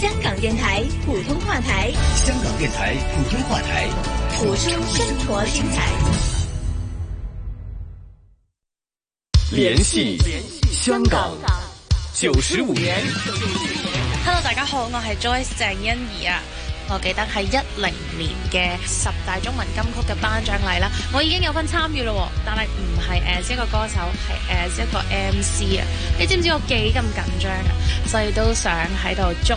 香港電台普通話台，香港電台普通話台，捕捉生活精彩。聯繫，聯繫香港九十五年 Hello，大家好，我係 Joyce 鄭欣宜啊。我記得係一零年嘅十大中文金曲嘅頒獎禮啦，我已經有份參與咯，但係唔係誒一個歌手，係誒一個 MC 啊。你知唔知我幾咁緊張啊？所以都想喺度祝。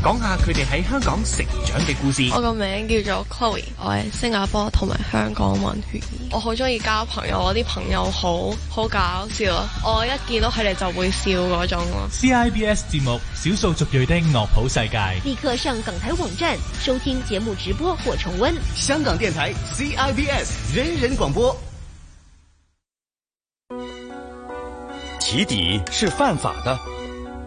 講下佢哋喺香港成長嘅故事。我個名叫做 Chloe，我係新加坡同埋香港混血。我好中意交朋友，我啲朋友好好搞笑，我一見到佢哋就會笑嗰種。CIBS 節目：少數族裔的樂譜世界。立刻上港台網站，收聽節目直播或重溫。香港電台 CIBS 人人廣播。起底是犯法的。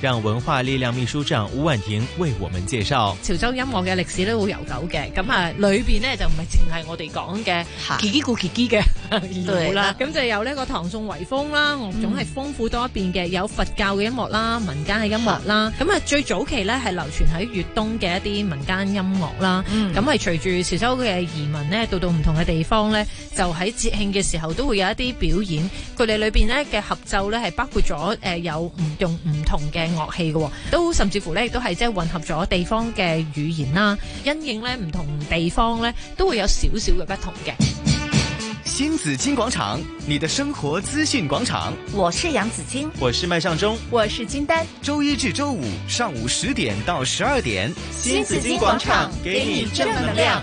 讓文化力量秘書長吳婉婷為我們介紹。潮州音樂嘅歷史咧好悠久嘅，咁啊裏邊咧就唔係淨係我哋講嘅，嘰嘰咕嘰嘰嘅，係啦。咁對 對就有呢個唐宋遺風啦，我總係豐富多一變嘅，有佛教嘅音樂啦，民間嘅音樂啦。咁啊的最早期咧係流傳喺粵東嘅一啲民間音樂啦，咁係、嗯、隨住潮州嘅移民咧到到唔同嘅地方咧，就喺節慶嘅時候都會有一啲表演。佢哋裏邊咧嘅合奏咧係包括咗誒、呃、有唔用唔同嘅。嘅樂器嘅、哦，都甚至乎咧，亦都係即係混合咗地方嘅語言啦、啊，因應咧唔同地方咧都會有少少嘅不同嘅。新紫荊廣場，你的生活資訊廣場。我是楊紫晶，我是麥尚中，我是金丹。周一至周五上午十點到十二點，新紫荊廣場，給你正能量。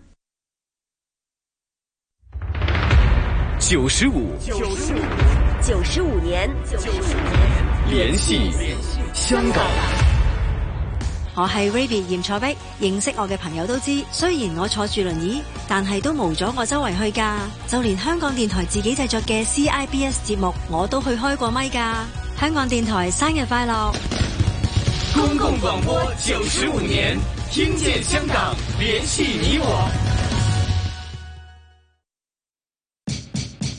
九十五，九十五，九十五年，九十五年，年聯繫，聯繫香港。我係 Ruby，嚴楚碧，認識我嘅朋友都知，雖然我坐住輪椅，但係都冇咗我周圍去噶。就連香港電台自己製作嘅 CIBS 節目，我都去開過咪噶。香港電台生日快樂！公共廣播九十五年，聽見香港，聯繫你我。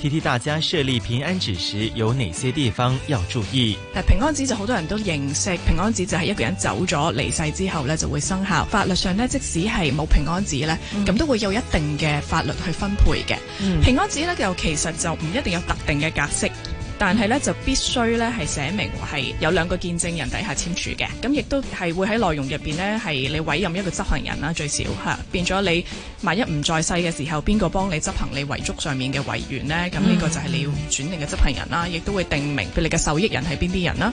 提提大家設立平安紙時有哪些地方要注意？誒，平安紙就好多人都認識，平安紙就係一個人走咗離世之後咧就會生效。法律上咧，即使係冇平安紙咧，咁、嗯、都會有一定嘅法律去分配嘅。嗯、平安紙咧又其實就唔一定有特定嘅格式。但係咧就必須咧係寫明係有兩個見證人底下簽署嘅。咁亦都係會喺內容入邊咧係你委任一個執行人啦，最少嚇、啊、變咗你萬一唔在世嘅時候，邊個幫你執行你遺囑上面嘅遺願呢？咁呢個就係你要轉定嘅執行人啦，亦都會定明你嘅受益人係邊啲人啦。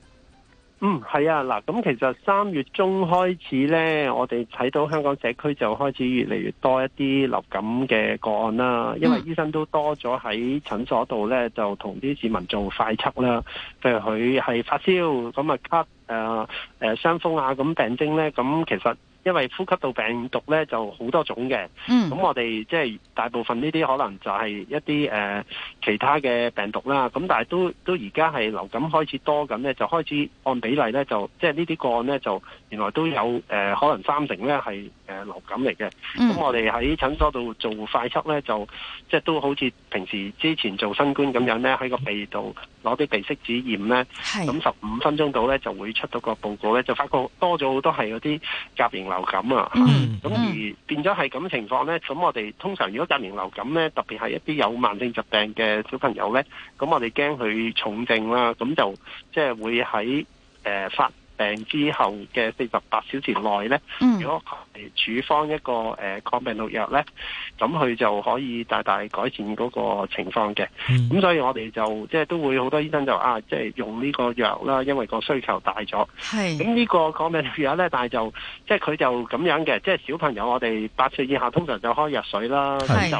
嗯，係啊，嗱，咁其實三月中開始呢，我哋睇到香港社區就開始越嚟越多一啲流感嘅個案啦，因為醫生都多咗喺診所度呢，就同啲市民做快測啦，譬如佢係發燒，咁啊咳，誒、呃、誒傷風啊，咁病徵呢，咁其實。因為呼吸道病毒咧就好多種嘅，咁、嗯、我哋即係大部分呢啲可能就係一啲誒、呃、其他嘅病毒啦。咁但係都都而家係流感開始多咁咧，就開始按比例咧，就即係呢啲個案咧，就原來都有誒、呃、可能三成咧係、呃、流感嚟嘅。咁、嗯、我哋喺診所度做快速咧，就即係都好似平時之前做新冠咁樣咧，喺個鼻度攞啲鼻拭子驗咧，咁十五分鐘度咧就會出到個報告咧，就發覺多咗好多係嗰啲甲型。流感啊，咁、嗯嗯、而變咗係咁情況咧，咁我哋通常如果隔年流感咧，特別係一啲有慢性疾病嘅小朋友咧，咁我哋驚佢重症啦，咁就即係會喺誒、呃。發。病之後嘅四十八小時內咧，嗯、如果係處方一個誒抗病毒藥咧，咁佢就可以大大改善嗰個情況嘅。咁、嗯、所以我哋就即係都會好多醫生就啊，即係用呢個藥啦，因為個需求大咗。係咁呢個抗病毒藥咧，但係就即係佢就咁樣嘅，即係小朋友我哋八歲以下通常就開藥水啦。咁是就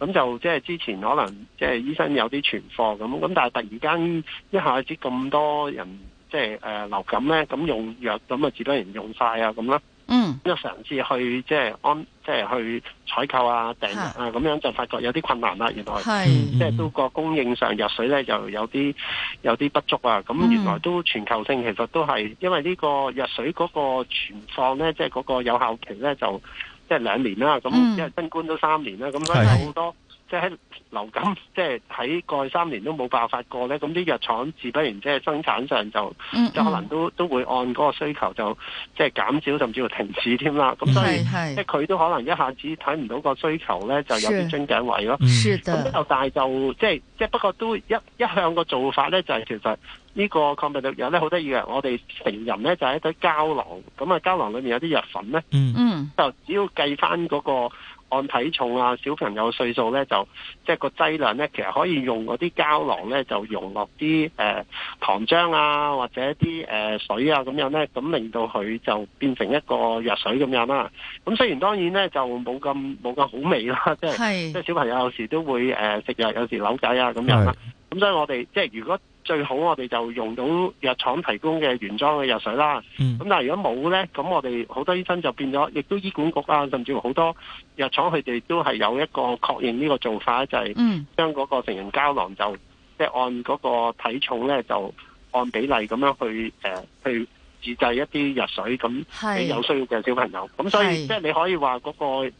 咁就即係之前可能即係醫生有啲存貨咁，咁但係突然間一下子咁多人。即係誒流感咧，咁用藥咁啊，就自不然用晒啊，咁啦嗯，因為嘗試去即係安，即係去採購啊、訂啊，咁樣就發覺有啲困難啦。原來係是、嗯、即係都個供應上藥水咧，又有啲有啲不足啊。咁、嗯、原來都全球性，其實都係因為呢個藥水嗰個存放咧，即係嗰個有效期咧，就即係兩年啦。咁即係新冠都三年啦，咁是所以有好多。即係流感，即係喺過去三年都冇爆發過咧，咁啲藥廠自不然即係生產上就就可能都都會按嗰個需求就即係減少甚至乎停止添啦。咁所以即係佢都可能一下子睇唔到個需求咧，就有啲樽頸位咯。咁就但就即係即係不過都一一向個做法咧，就係其實呢個抗病毒藥咧好得意嘅，我哋成人咧就係一粒膠囊，咁啊膠囊裏面有啲藥粉咧，嗯，就只要計翻嗰個。按體重啊，小朋友歲數咧，就即係、就是、個劑量咧，其實可以用嗰啲膠囊咧，就溶落啲誒糖漿啊，或者啲誒、呃、水啊咁樣咧，咁令到佢就變成一個藥水咁樣啦、啊。咁雖然當然咧，就冇咁冇咁好味啦，即係即係小朋友有時都會誒、呃、食藥有時扭計啊咁樣啦、啊。咁是所以我哋即係如果。最好我哋就用到藥廠提供嘅原裝嘅藥水啦。咁、嗯、但係如果冇呢，咁我哋好多醫生就變咗，亦都醫管局啊，甚至乎好多藥廠佢哋都係有一個確認呢個做法，就係將嗰個成人膠囊就、嗯、即係按嗰個體重呢，就按比例咁樣去誒、呃、去自製，製一啲藥水，咁俾有需要嘅小朋友。咁是所以是即係你可以話嗰、那個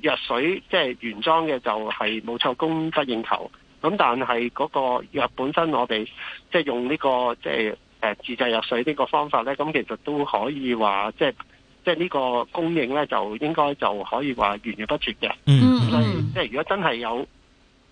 藥水即係原裝嘅就係冇錯供不應求。咁但係嗰個藥本身，我哋即係用呢個即係誒自製藥水呢個方法咧，咁其實都可以話即係即係呢個供應咧，就應該就可以話源源不絕嘅。嗯、mm，hmm. 所以即係如果真係有。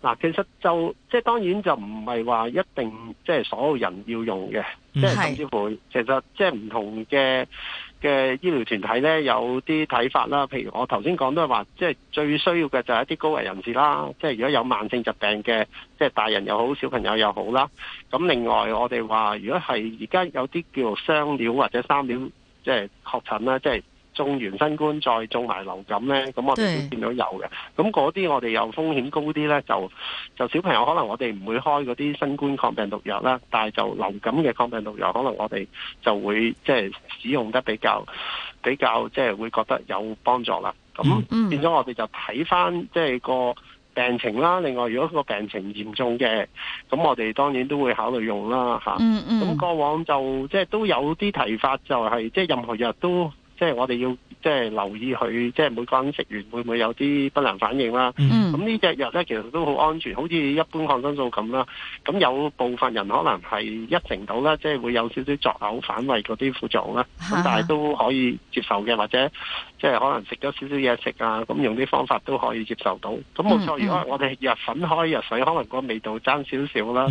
嗱，其實就即係當然就唔係話一定即係所有人要用嘅，是即係甚至乎其實即係唔同嘅嘅醫療團體咧有啲睇法啦。譬如我頭先講都係話，即係最需要嘅就係一啲高危人士啦，即係如果有慢性疾病嘅，即係大人又好，小朋友又好啦。咁另外我哋話，如果係而家有啲叫做雙料或者三料，即係確診啦，即係。中完新冠再中埋流感咧，咁我哋都見到有嘅。咁嗰啲我哋又風險高啲咧，就就小朋友可能我哋唔會開嗰啲新冠抗病毒藥啦，但係就流感嘅抗病毒藥可能我哋就會即係、就是、使用得比較比較即係、就是、會覺得有幫助啦。咁變咗我哋就睇翻即係個病情啦。另外，如果個病情嚴重嘅，咁我哋當然都會考慮用啦，嚇、啊。咁、嗯嗯、過往就即係、就是、都有啲提法、就是，就係即係任何藥都。即係我哋要即係留意佢，即係每個人食完會唔會有啲不良反應啦。咁、嗯、呢隻藥咧，其實都好安全，好似一般抗生素咁啦。咁有部分人可能係一成度啦，即係會有少少作嘔反胃嗰啲副作用啦。咁但係都可以接受嘅，或者，即係可能食咗少少嘢食啊，咁用啲方法都可以接受到，咁冇錯。如果我哋藥粉開藥水，可能個味道爭少少啦。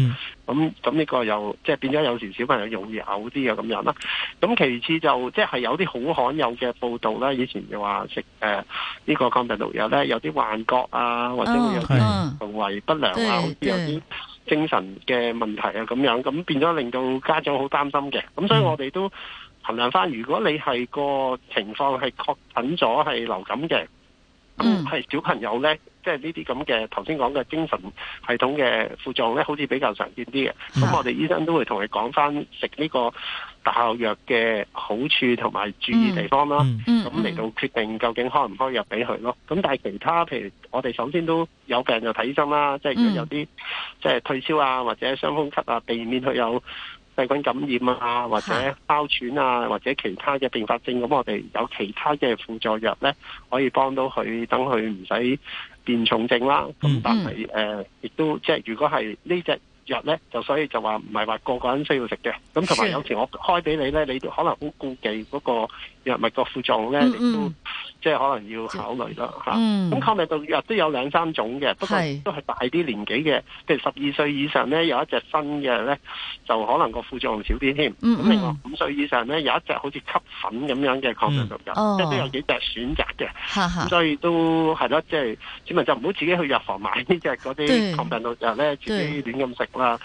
咁咁呢個又即係變咗有時小朋友容易有啲嘅咁樣啦。咁其次就即係有啲好罕有嘅報道啦，以前就話食誒呢個抗病毒藥咧，有啲幻覺啊，或者會有行為不，不良啊，好似、哦、有啲精神嘅問題啊咁樣，咁變咗令到家長好擔心嘅。咁、嗯、所以我哋都。衡量翻，如果你係個情況係確診咗係流感嘅，咁係、嗯、小朋友咧，即係呢啲咁嘅頭先講嘅精神系統嘅副作用咧，好似比較常見啲嘅。咁我哋醫生都會同你講翻食呢個特效藥嘅好處同埋注意地方啦。咁嚟到決定究竟開唔開藥俾佢咯。咁但係其他譬如我哋首先都有病就睇醫生啦，即係如果有啲、嗯、即係退燒啊或者傷風咳啊，避免佢有細菌感染啊，或者哮喘啊，或者其他嘅併發症，咁我哋有其他嘅輔助藥咧，可以幫到佢，等佢唔使變重症啦。咁、嗯、但係誒，亦、呃、都即係如果係呢隻藥咧，就所以就話唔係話個個人需要食嘅。咁同埋有時我開俾你咧，你可能好顧忌嗰、嗰個藥物個副作用咧，亦都即係可能要考慮咯，吓。咁抗病毒藥都有兩三種嘅，不過都係大啲年紀嘅，譬如十二歲以上咧，有一隻新嘅咧，就可能個副作用少啲添。咁另外五歲以上咧，有一隻好似吸粉咁樣嘅抗病毒藥，即係都有幾隻選擇嘅。所以都係咯，即係市民就唔好自己去藥房買呢隻嗰啲抗病毒藥咧，自己亂咁食啦。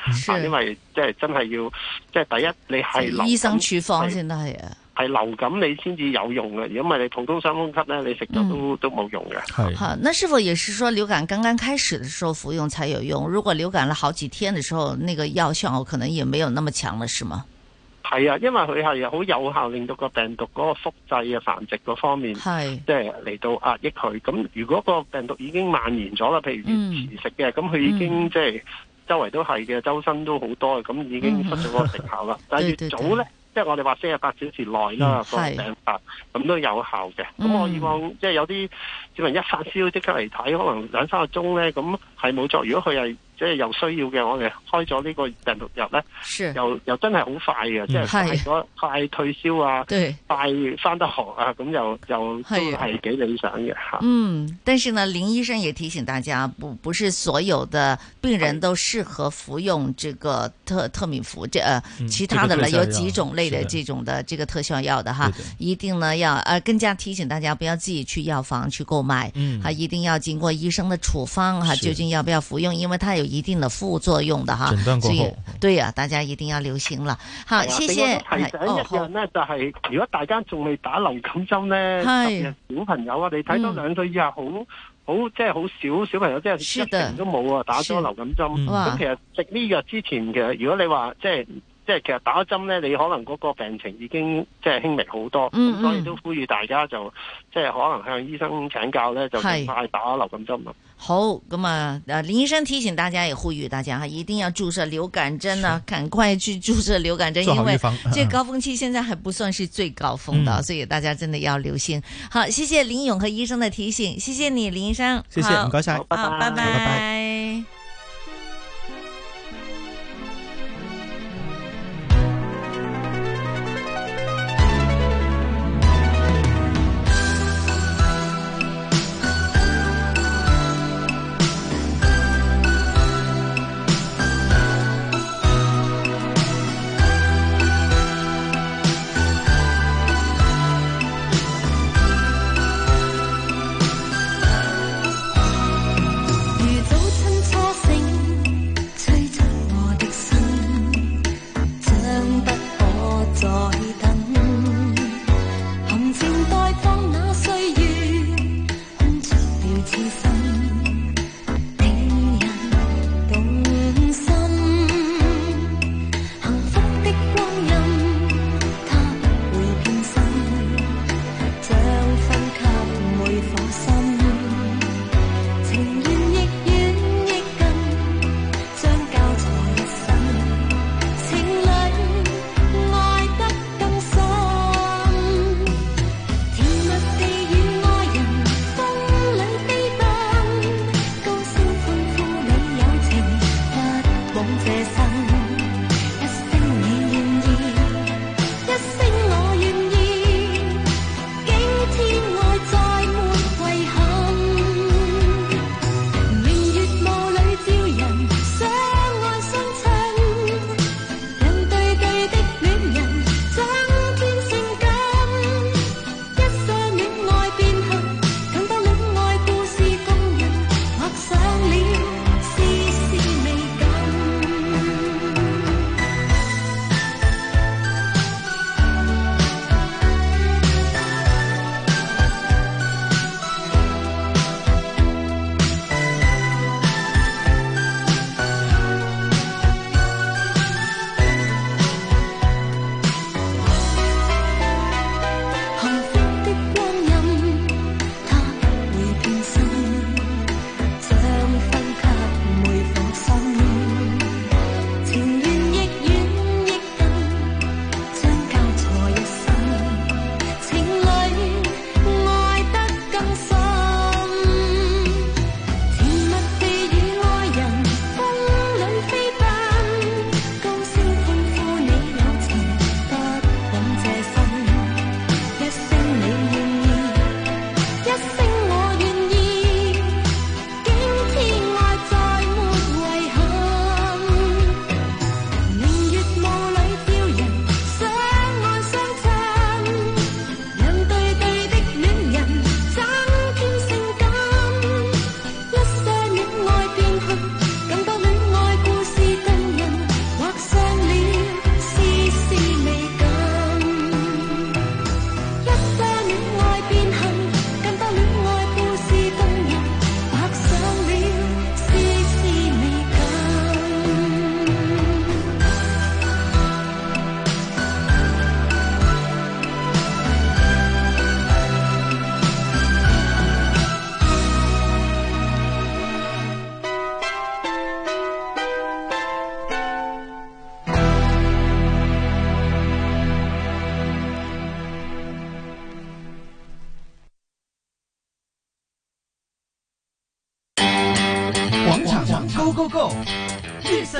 因為即係真係要，即係第一你係攞醫生處方先得係啊。係流感你先至有用嘅，如果唔係你普通傷風咳咧，你食咗都、嗯、都冇用嘅。係的好，那是否也是說流感剛剛開始的時候服用才有用？如果流感了好幾天的時候，那個藥效可能也沒有那麼強了，是嗎？係啊，因為佢係好有效，令到個病毒嗰個複製啊、繁殖嗰方面，係即係嚟到壓抑佢。咁如果個病毒已經蔓延咗啦，譬如越遲食嘅，咁佢、嗯、已經、嗯、即係周圍都係嘅，周身都好多嘅，咁、嗯嗯、已經失咗嗰個成效啦。但係越早咧。即係我哋話四十八小時內啦個病發，咁都有效嘅。咁我以往、嗯、即係有啲市民一發燒即刻嚟睇，可能兩三個鐘咧，咁係冇作。如果佢係。即係有需要嘅，我哋開咗呢個病毒藥咧，又又真係好快嘅，即係快咗快退燒啊，快翻得學啊，咁又又都係幾理想嘅吓。嗯，但是呢，林醫生也提醒大家，不不是所有的病人都適合服用這個特特敏福這其他的呢，有幾種類的這種的這個特效藥的哈，一定呢要啊更加提醒大家不要自己去藥房去購買，嗯，啊一定要經過醫生的處方，哈，究竟要不要服用，因為他有。一定的副作用的哈，所以對啊，大家一定要留心啦。好，是啊、謝謝。第提醒一日咧、哦、就係、是，如果大家仲未打流感針咧，是特別小朋友啊，你睇到兩歲以下好好即係好少小朋友，嗯、即係一人都冇啊，打咗流感針。咁、嗯、哇其實食呢個之前嘅，如果你話即係。即係其實打針呢，你可能嗰個病情已經即係輕微好多，咁、嗯嗯、所以都呼籲大家就即係可能向醫生請教呢，就盡快打流感針啦。好，咁啊，林醫生提醒大家，也呼籲大家哈，一定要注射流感針啦、啊，是趕快去注射流感針，因為最高峰期現在還不算是最高峰的，嗯、所以大家真的要留心。好，謝謝林勇和醫生的提醒，謝謝你，林醫生，謝謝，唔該晒，好，拜拜謝。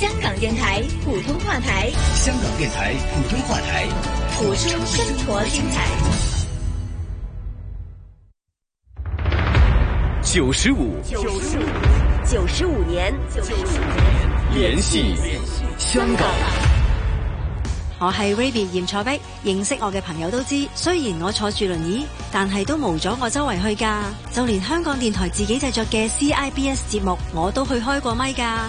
香港電台普通話台，香港電台普通話台，捕捉生活精彩。九十五，九十五，九十五年，九十五年，聯繫香港。我係 Raby 嚴楚碧，認識我嘅朋友都知，雖然我坐住輪椅，但係都冇咗我周圍去噶，就連香港電台自己製作嘅 CIBS 節目，我都去開過麥噶。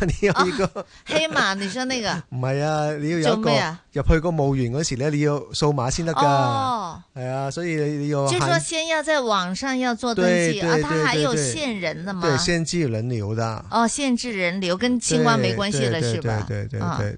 你有呢個？黑馬，你說那個？唔係啊，你要有做咩啊？入去個墓園嗰時咧，你要掃碼先得噶。哦，係啊，所以你要。就說先要在網上要做登記啊，他還有限人的嘛？對，限制人流的。哦，限制人流跟新冠沒關係啦，是吧？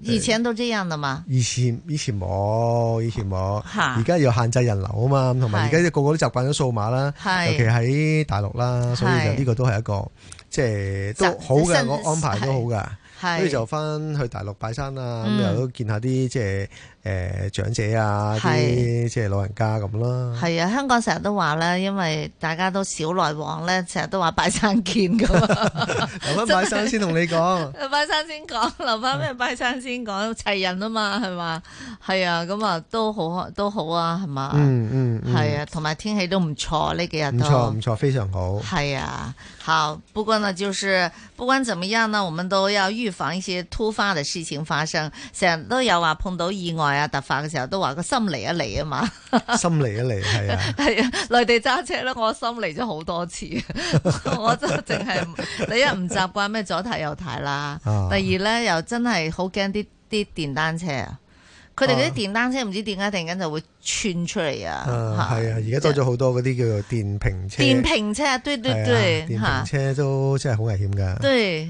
以前都這樣的嘛？以前以前冇，以前冇。而家要限制人流啊嘛，同埋而家個個都習慣咗掃碼啦，尤其喺大陸啦，所以就呢個都係一個。即係都好嘅，我安排都好嘅，跟住就翻去大陸拜山啦，咁的又都見下啲即係。嗯誒、欸、長者啊，啲即係老人家咁咯。係啊，香港成日都話咧，因為大家都少來往咧，成日都話拜山見㗎、啊。留翻拜山先同你講，拜 山先講，留翻咩拜山先講，齊 人啊嘛，係嘛？係啊，咁啊都好都好，都好啊，係嘛、嗯？嗯嗯，係啊，同埋天氣都唔錯呢幾日都。唔錯唔錯，非常好。係啊，好。不過呢，就是不管怎麼樣呢，我們都要預防一些突發嘅事情發生，成日都有話碰到意外。離離離離是啊！突發嘅時候都話個心嚟一嚟啊嘛，心嚟一嚟係啊，係啊！內地揸車咧，我心嚟咗好多次， 我真係淨係你一唔習慣咩左睇右睇啦，啊、第二咧又真係好驚啲啲電單車啊！佢哋嗰啲電單車唔知點解突然間就會竄出嚟啊！係啊，而家、啊、多咗好多嗰啲叫做電瓶車，就電瓶車對對對、啊，電瓶車都真係好危險噶。對。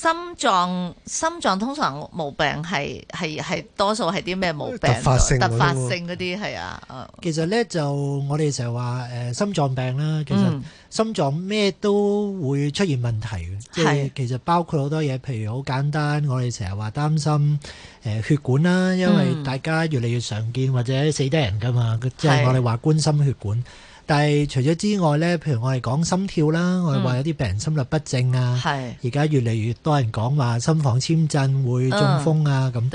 心臟心臟通常毛病係係係多數係啲咩毛病？突發性嗰啲係啊，其實咧就我哋成日話誒心臟病啦，其實心臟咩都會出現問題嘅，嗯、即係其實包括好多嘢，譬如好簡單，我哋成日話擔心誒、呃、血管啦，因為大家越嚟越常見或者死得人噶嘛，嗯、即係我哋話關心血管。但係除咗之外咧，譬如我係講心跳啦，嗯、我係話有啲病人心律不正啊，而家是越嚟越多人講話心房纖震會中風啊咁。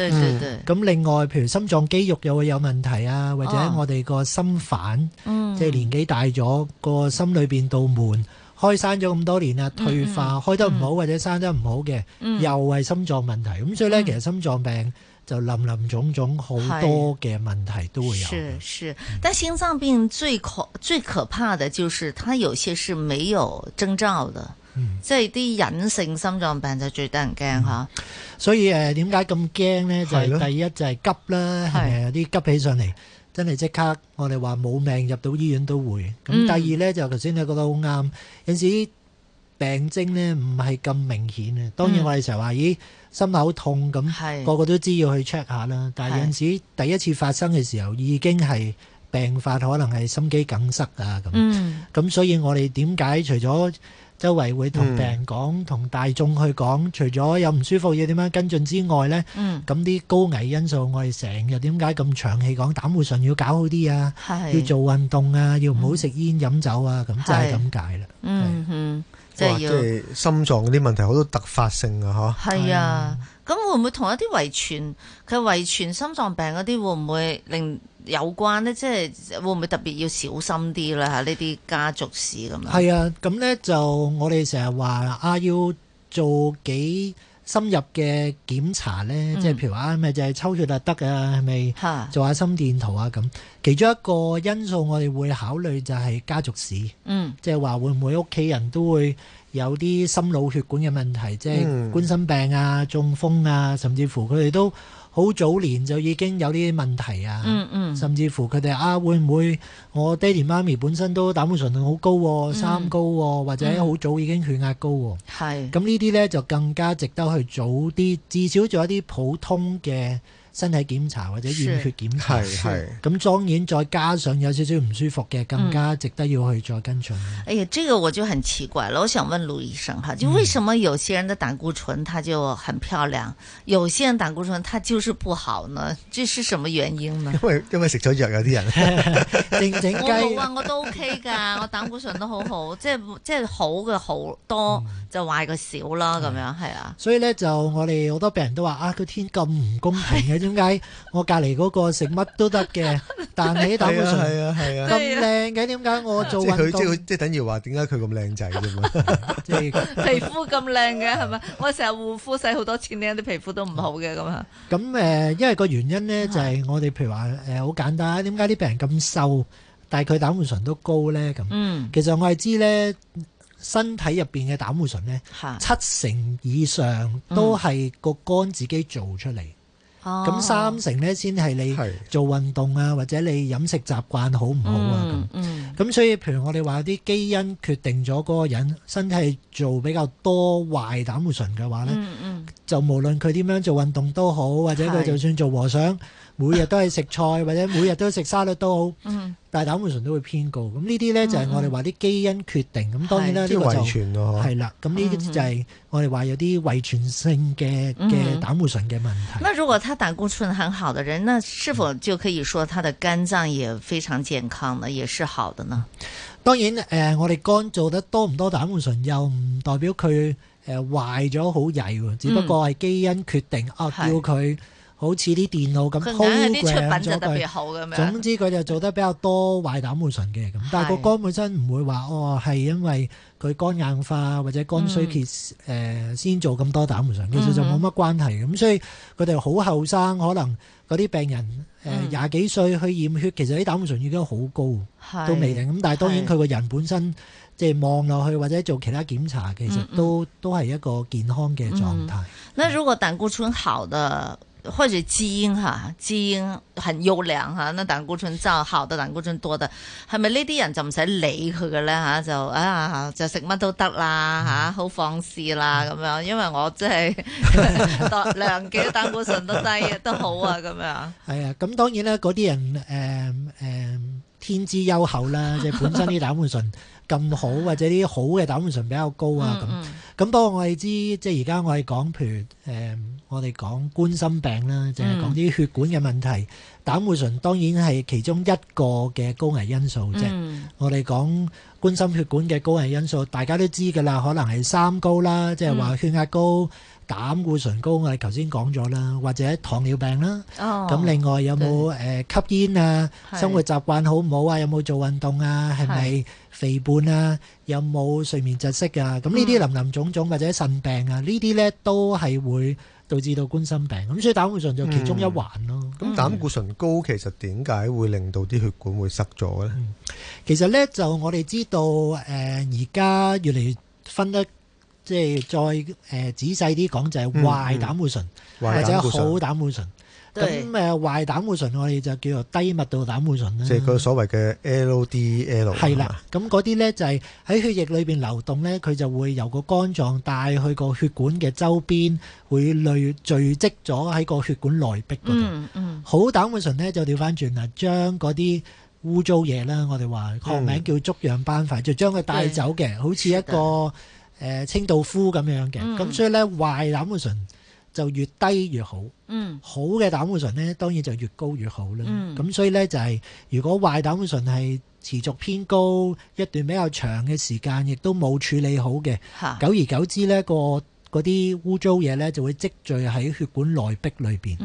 咁另外譬如心臟肌肉又會有問題啊，或者我哋個心瓣，哦、即係年紀大咗個、嗯、心裏面到悶，開山咗咁多年啊退化，開得唔好、嗯、或者生得唔好嘅，嗯、又係心臟問題。咁所以咧其實心臟病，就林林總總好多嘅問題都會有。是是，但心臟病最可最可怕嘅就是，佢有些是沒有徵兆嘅，即係啲隱性心臟病就最得人驚吓。所以誒，點解咁驚呢？就係、是、第一就係急啦，係咪有啲急起上嚟，真係即刻我哋話冇命入到醫院都會。咁第二呢，就頭先你覺得好啱，有陣時。病徵咧唔係咁明顯啊，當然我哋成日話咦心口痛咁，係個個都知是要去 check 下啦。但係有陣時第一次發生嘅時候，已經係病發，可能係心肌梗塞啊咁。咁、嗯、所以我哋點解除咗周圍會同病人講、同、嗯、大眾去講，除咗有唔舒服要點樣跟進之外咧，咁啲、嗯、高危因素我麼麼，我哋成日點解咁長氣講膽固醇要搞好啲啊？是要做運動啊，要唔好食煙、嗯、飲酒啊，咁就係咁解啦。嗯。哇即係要即係心臟嗰啲問題好多突發性啊吓，係啊，咁、哎、呀會唔會同一啲遺傳？佢遺傳心臟病嗰啲會唔會令有關呢？即係會唔會特別要小心啲咧？吓呢啲家族史咁樣？係啊，咁咧就我哋成日話啊，要做幾？深入嘅檢查咧，即係譬如話，係咪就係抽血就得嘅，係咪、嗯、做下心電圖啊咁？其中一個因素我哋會考慮就係家族史，嗯、即係話會唔會屋企人都會有啲心腦血管嘅問題，即係冠心病啊、中風啊，甚至乎佢哋都好早年就已經有啲問題啊，嗯嗯、甚至乎佢哋啊會唔會我爹哋媽咪本身都膽固醇好高喎、啊，三高喎、啊，嗯、或者好早已經血壓高喎、啊。咁呢啲呢，嗯、就更加值得去早啲，至少做一啲普通嘅。身體檢查或者驗血檢查，咁，當然再加上有少少唔舒服嘅，更加值得要去再跟進、嗯。哎呀，這個我就很奇怪了，我想問盧醫生哈，就為什麼有些人的膽固醇它就很漂亮，嗯、有些人的膽固醇它就是不好呢？這是什麼原因呢？因為因為食咗藥，有啲人整 正正雞。我好啊，我都 OK 㗎，我膽固醇都好好，即係即係好嘅好多，嗯、就壞嘅少啦，咁的樣係啊。所以咧就我哋好多病人都話啊，個天咁唔公平嘅。哎點解我隔籬嗰個食乜都得嘅， 但係啲膽固醇係啊，係啊，咁靚嘅？點解、啊、我做運動佢即係等於話點解佢咁靚仔嘅？即係 皮膚咁靚嘅係咪？ 我成日護膚使好多錢，啲皮膚都唔好嘅咁啊。咁誒、 呃，因為個原因咧，就係、是、我哋譬如話誒好簡單啊，點解啲病人咁瘦，但係佢膽固醇都高咧？咁，嗯、其實我係知咧，身體入邊嘅膽固醇咧，嗯、七成以上都係個肝自己做出嚟。嗯咁、哦、三成咧，先係你做運動啊，的或者你飲食習慣好唔好啊咁。嗯嗯、咁所以譬如我哋話啲基因決定咗嗰個人身體做比較多壞膽固醇嘅話咧，嗯嗯、就無論佢點樣做運動都好，或者佢就算做和尚。每日都係食菜或者每日都食沙律都好， 但係膽固醇都會偏高。咁呢啲咧就係我哋話啲基因決定。咁、嗯嗯、當然啦，呢個就係遺傳喎、啦。咁呢啲就係我哋話有啲遺傳性嘅嘅膽固醇嘅問題嗯嗯。那如果他膽固醇很好的人，那是否就可以說他的肝臟也非常健康呢？嗯、也是好的呢？當然誒、呃，我哋肝做得多唔多膽固醇又唔代表佢誒壞咗好曳，只不過係基因決定、嗯、啊，叫佢。好似啲電腦咁，program 咗佢。總之佢就做得比較多壞膽固醇嘅咁，是但係個肝本身唔會話哦係因為佢肝硬化或者肝衰竭誒、嗯呃、先做咁多膽固醇，其實就冇乜關係咁。嗯、所以佢哋好後生，可能嗰啲病人誒廿幾歲去驗血，其實啲膽固醇已經好高，是都未定。咁但係當然佢個人本身是即係望落去或者做其他檢查，其實都都係一個健康嘅狀態。嗯嗯嗯、那如果膽固醇好的？開住基因吓，基因很優良吓，那膽固醇真係好嘅膽固醇多啲。係咪呢啲人就唔使理佢嘅咧吓？就啊就食乜都得啦吓，好放肆啦咁樣。因為我即係量幾多膽固醇都低都好啊咁樣。係啊， 咁當然啦，嗰啲人誒誒天資優厚啦，即係本身啲膽固醇咁好， 或者啲好嘅膽固醇比較高啊咁。嗯咁不過我哋知，即係而家我哋講，譬如、呃、我哋講冠心病啦，就係講啲血管嘅問題。膽固、嗯、醇當然係其中一個嘅高危因素啫。嗯、我哋講冠心血管嘅高危因素，大家都知㗎啦，可能係三高啦，即係話血壓高。嗯膽固醇高，我哋頭先講咗啦，或者糖尿病啦。咁、哦、另外有冇誒吸煙啊？對生活習慣好唔好啊？是有冇做運動啊？係咪是肥胖啊？是有冇睡眠窒息啊？咁呢啲林林總總或者腎病啊，呢啲咧都係會導致到冠心病。咁所以膽固醇就其中一環咯。咁、嗯、膽固醇高其實點解會令到啲血管會塞咗咧、嗯嗯？其實咧就我哋知道誒，而、呃、家越嚟越分得。即係再誒、呃、仔細啲講，就係壞膽固醇、嗯嗯、或者好膽固醇。咁誒對、啊、壞膽固醇，我哋就叫做低密度膽固醇啦。即係個所謂嘅 LDL 的。係啦的，咁嗰啲咧就係、是、喺血液裏邊流動咧，佢就會由個肝臟帶去個血管嘅周邊，會累聚積咗喺個血管內壁嗰度、嗯。嗯，好膽固醇咧，就調翻轉啦，將嗰啲污糟嘢啦，我哋話學名叫粥樣斑塊，嗯、就將佢帶走嘅，對好似一個。誒、呃、清道夫咁樣嘅，咁、嗯、所以咧壞膽固醇就越低越好，嗯、好嘅膽固醇咧當然就越高越好啦。咁、嗯、所以咧就係、是、如果壞膽固醇係持續偏高一段比較長嘅時間，亦都冇處理好嘅，啊、久而久之咧個嗰啲污糟嘢咧就會積聚喺血管內壁裏面，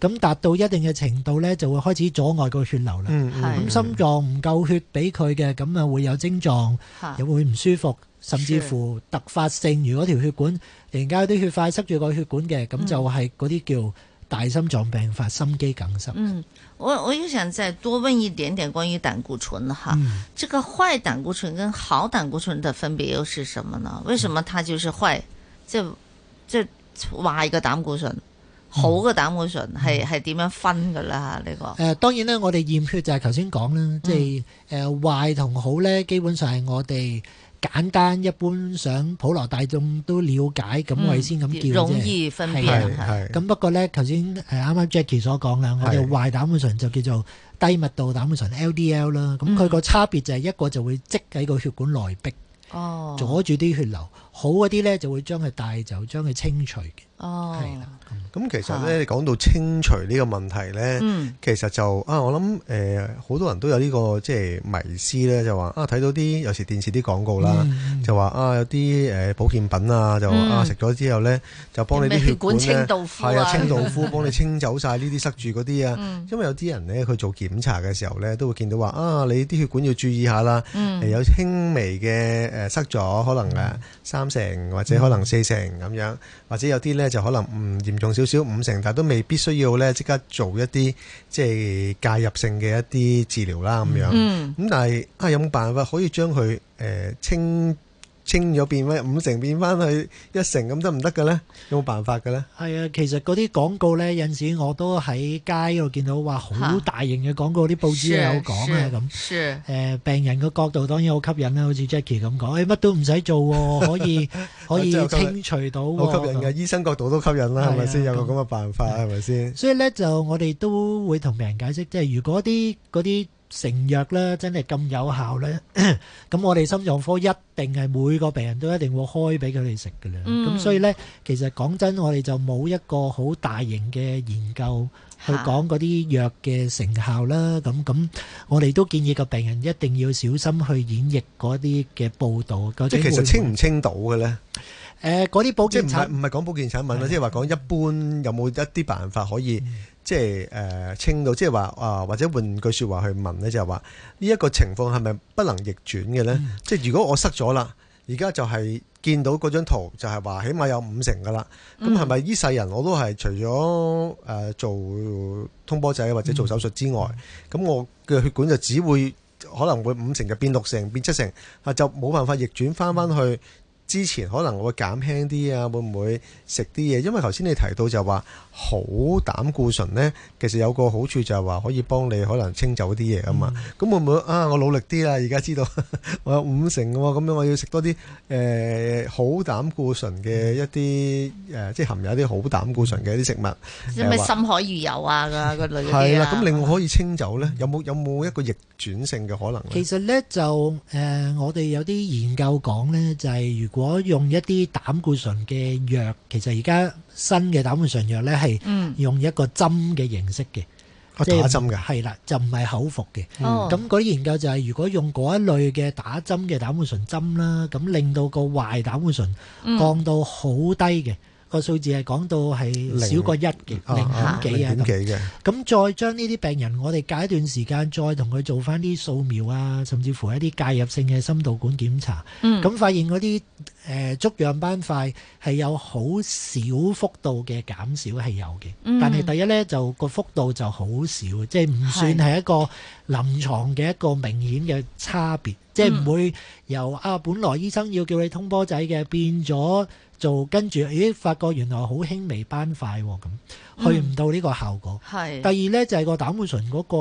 咁達、嗯嗯、到一定嘅程度咧就會開始阻礙個血流啦。咁、嗯嗯、心臟唔夠血俾佢嘅，咁啊會有症狀，啊、又會唔舒服。甚至乎突發性，是如果條血管突然間有啲血塊塞住個血管嘅，咁、嗯、就係嗰啲叫大心臟病發、嗯、心肌梗塞。嗯，我我又想再多問一點點關於膽固醇哈，嗯、這個壞膽固醇跟好膽固醇的分別又是什麼呢？為什麼它就是壞，即係即係壞嘅膽固醇？好嘅膽固醇係係點樣分嘅咧？嚇呢個？誒，當然咧，我哋驗血就係頭先講啦，嗯、即係誒、呃、壞同好咧，基本上係我哋。簡單一般想普羅大眾都了解咁，我哋先咁叫、嗯、容易分辨啊係。咁不過咧，頭先誒啱啱 Jackie 所講啦，是我哋壞膽固醇就叫做低密度膽固醇 LDL 啦。咁佢個差別就係一個就會積喺個血管內壁，嗯、阻住啲血流。好嗰啲咧就會將佢帶走，將佢清除嘅。哦，係啦。咁其實咧，你講到清除呢個問題咧，嗯、其實就啊，我諗誒好多人都有呢、這個即係迷思咧，就話啊，睇到啲有時電視啲廣告啦、嗯啊，就話啊有啲誒保健品啊，就啊食咗之後咧，就幫你啲血管，血管清道夫，係啊，呀清道夫幫你清走晒呢啲塞住嗰啲啊。嗯、因為有啲人咧去做檢查嘅時候咧，都會見到話啊，你啲血管要注意下啦、嗯啊，有輕微嘅誒塞咗，可能誒三成或者可能四成咁樣，嗯、或者有啲咧。就可能唔嚴重少少五成，但都未必需要咧即刻做一啲即係介入性嘅一啲治療啦咁樣。咁、嗯、但係啊有冇辦法可以將佢誒、呃、清？清咗變翻五成變翻去一成咁得唔得嘅咧？有冇辦法嘅咧？係啊，其實嗰啲廣告咧，有陣時我都喺街嗰度見到話好大型嘅廣告，啲報紙有講啊咁。是。誒，病人個角度當然好吸引啦，好似 Jackie 咁講，誒，乜都唔使做喎，可以可以清除到。好吸引嘅，醫生角度都吸引啦，係咪先？有個咁嘅辦法係咪先？所以咧，就我哋都會同病人解釋，即係如果啲嗰啲。成藥咧真係咁有效咧，咁我哋心臟科一定係每個病人都一定會開俾佢哋食㗎啦。咁、嗯、所以咧，其實講真，我哋就冇一個好大型嘅研究去講嗰啲藥嘅成效啦。咁咁，我哋都建議個病人一定要小心去演繹嗰啲嘅報導，或者其實清唔清到嘅咧？誒，嗰啲、呃、保健產唔係講保健產品啦，是的即係話講一般有冇一啲辦法可以，嗯、即係誒、呃、清到，即係話啊，或者換句說話去問咧，就係話呢一個情況係咪不能逆轉嘅咧？嗯、即係如果我塞咗啦，而家就係見到嗰張圖就係、是、話起碼有五成噶啦，咁係咪呢世人我都係除咗誒、呃、做通波仔或者做手術之外，咁、嗯、我嘅血管就只會可能會五成就變六成變七成，啊就冇辦法逆轉返返去。嗯之前可能會減輕啲啊，會唔會食啲嘢？因為頭先你提到就話好膽固醇咧，其實有個好處就係話可以幫你可能清走啲嘢啊嘛。咁會唔會啊？我努力啲啊！而家知道我有五成喎，咁樣我要食多啲誒好膽固醇嘅一啲誒，即係含有一啲好膽固醇嘅一啲食物，係咪深海魚油啊？個嗰類係啦，咁另外可以清走咧，有冇有冇一個逆轉性嘅可能咧？其實咧就誒，我哋有啲研究講咧，就係如果如果用一啲膽固醇嘅藥，其實而家新嘅膽固醇藥呢係用一個針嘅形式嘅，即針嘅，係啦，就唔係口服嘅。咁嗰啲研究就係如果用嗰一類嘅打針嘅膽固醇針啦，咁令到個壞膽固醇降到好低嘅。嗯個數字係講到係少過一嘅零點幾啊，零點幾嘅。咁再將呢啲病人，我哋隔一段時間再同佢做翻啲掃描啊，甚至乎一啲介入性嘅心導管檢查。咁、嗯、發現嗰啲誒粥樣斑塊係有好少幅度嘅減少係有嘅，嗯、但係第一呢，就個幅度就好少，即係唔算係一個臨床嘅一個明顯嘅差別，是的即係唔會由啊，本來醫生要叫你通波仔嘅變咗。做跟住，咦？發覺原來好輕微斑塊喎，咁去唔到呢個效果。嗯、第二呢，就係、係、個膽固醇嗰、嗰個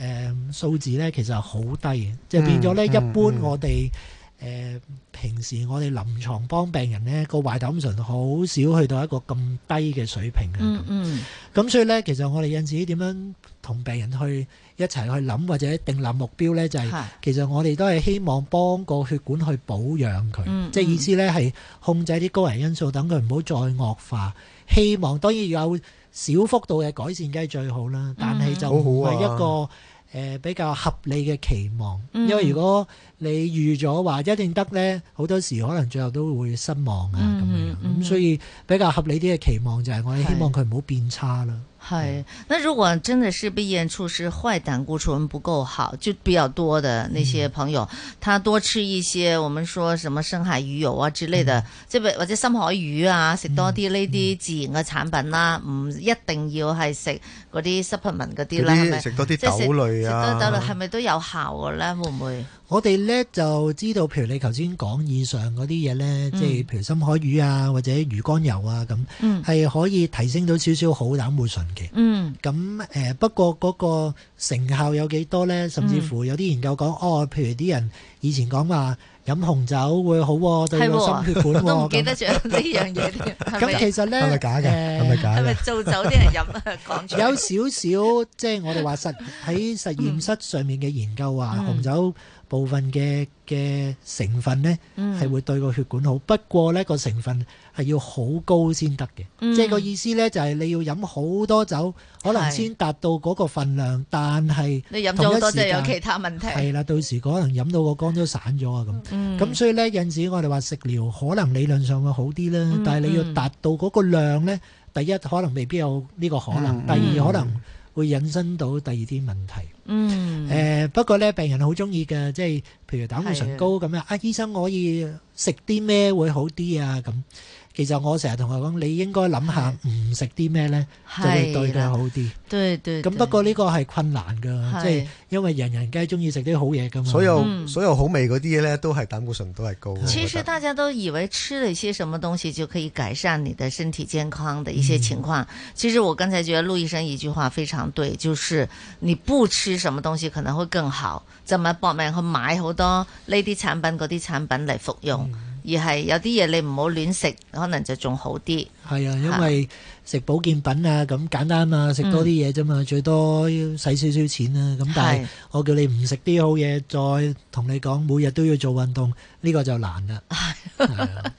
誒數、呃、字呢，其實好低嘅，即係、嗯、變咗呢一般我哋、嗯。嗯呃、平時我哋臨床幫病人咧，個壞膽醇好少去到一個咁低嘅水平咁、嗯嗯、所以咧其實我哋有陣時點樣同病人去一齊去諗或者定立目標咧，就係、是、其實我哋都係希望幫個血管去保養佢，即係、嗯嗯、意思咧係控制啲高危因，因素，等佢唔好再惡化。希望當然有小幅度嘅改善梗係最好啦，但係就唔係一個嗯嗯。一個呃、比較合理嘅期望，嗯、因為如果你預咗話一定得呢，好多時可能最後都會失望啊，咁，咁所以比較合理啲嘅期望就係我哋希望佢唔好變差啦。係，那如果真的是出現出是壞膽固醇，唔夠好就比較多的那些朋友，嗯、他多吃一些，我們說什麼深海魚油啊之類的，即、嗯、或者深海魚啊、食多啲呢啲自然嘅產品啦、啊，唔、嗯嗯、一定要係食。嗰啲 supplement 嗰啲啦，即係食多啲豆類啊，食多豆類係咪都有效㗎咧？會唔會？我哋咧就知道，譬如你頭先講以上嗰啲嘢咧，即係、嗯、譬如深海魚啊，或者魚肝油啊咁，係、嗯、可以提升到少少好膽固醇嘅。嗯，咁誒、呃、不過嗰個成效有幾多咧？甚至乎有啲研究講，嗯、哦，譬如啲人以前講話。飲紅酒會好對個心血管，我都唔記得咗呢樣嘢添。咁 其實咧係咪假嘅？係咪假嘅？係咪造酒啲人飲啊？講 有少少，即、就、係、係、我哋話實喺實驗室上面嘅研究話、嗯、紅酒。部分嘅嘅成分呢，係會對個血管好。不過呢，個成分係要好高先得嘅。即係個意思呢，就係你要飲好多酒，可能先達到嗰個份量。但係你飲咗多就有其他問題。係啦，到時可能飲到個肝都散咗啊！咁咁所以呢，有陣時我哋話食療可能理論上會好啲啦。但係你要達到嗰個量呢，第一可能未必有呢個可能，第二可能。會引申到第二啲問題。嗯，誒、呃、不過咧，病人好中意嘅，即係譬如膽固醇高咁樣。啊，醫生，我可以食啲咩會好啲啊咁。其實我成日同佢講，你應該諗下唔食啲咩呢？是就會對佢好啲。對對，對。咁不過呢個係困難嘅，即係的因為人人皆中意食啲好嘢噶嘛。所有、嗯、所有好味嗰啲嘢呢，都係膽固醇都係高。其實大家都以為吃了一些什麼東西就可以改善你的身體健康的一些情況。嗯、其實我剛才覺得陸醫生一句話非常對，就是你不吃什麼東西可能會更好，怎麼搏命去買好多呢啲產品嗰啲產品嚟服用？嗯而係有啲嘢你唔好亂食，可能就仲好啲。係啊，是因為食保健品啊咁簡單啊，食多啲嘢啫嘛，嗯、最多使少少錢啊。咁但係我叫你唔食啲好嘢，是再同你講，每日都要做運動。呢個就難啦，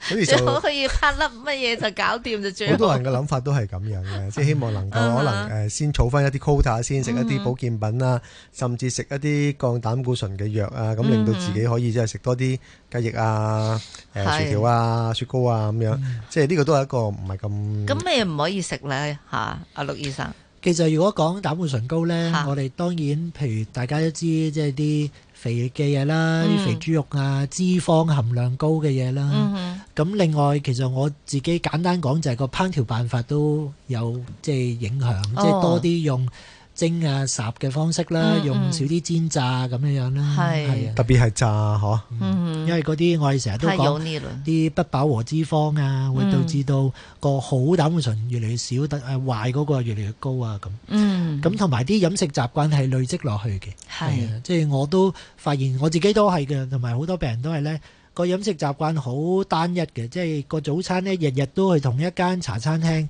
最好可以拍粒乜嘢就搞掂就最好。好多人嘅諗法都係咁樣嘅，即係希望能夠可能誒先儲翻一啲 quota 先，食一啲保健品啦，甚至食一啲降膽固醇嘅藥啊，咁令到自己可以即係食多啲雞翼啊、誒薯條啊、雪糕啊咁樣。即係呢個都係一個唔係咁。咁咩唔可以食咧吓？阿陸醫生,其實如果講膽固醇高咧，我哋當然，譬如大家都知即係啲。肥嘅嘢啦，啲肥豬肉啊，脂肪含量高嘅嘢啦。咁、嗯哼，另外，其實我自己簡單講就係個烹調辦法都有即係影響，即係多啲用，蒸啊、烚嘅方式啦，用少啲煎炸咁樣樣啦，係、嗯嗯、啊，特別係炸嗬，嗯嗯因為嗰啲我哋成日都講啲不飽和脂肪啊，嗯、會導致到個好膽固醇越嚟越少，但係壞嗰個越嚟越高啊咁。嗯，咁同埋啲飲食習慣係累積落去嘅，係是啊，即、就、係、是、我都發現我自己都係嘅，同埋好多病人都係咧。個飲食習慣好單一嘅，即係個早餐咧，日日都係同一間茶餐廳，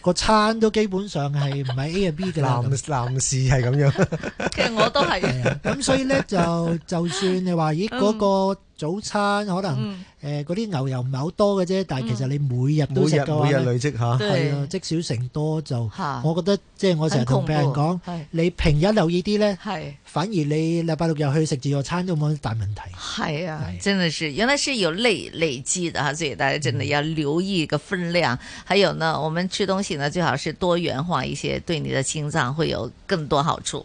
個對 餐都基本上係唔係 A and B 嘅啦。男這樣 男士係咁樣，其實我都係對。咁、嗯、所以咧，就就算你話，咦嗰個。嗯早餐可能誒嗰啲牛油唔係好多嘅啫，但係其實你每日都食嘅話，嗯、對每日累積吓，係啊，積少成多就，我覺得是、啊、即係我成日同病人講，你平日留意啲咧，啊、反而你禮拜六日去食自助餐都冇乜大問題，係啊，啊，真的是，原來是有累累積嘅哈，所以大家真的要留意個分量。嗯、還有呢，我們吃東西呢，最好是多元化一些，對你的心臟會有更多好處。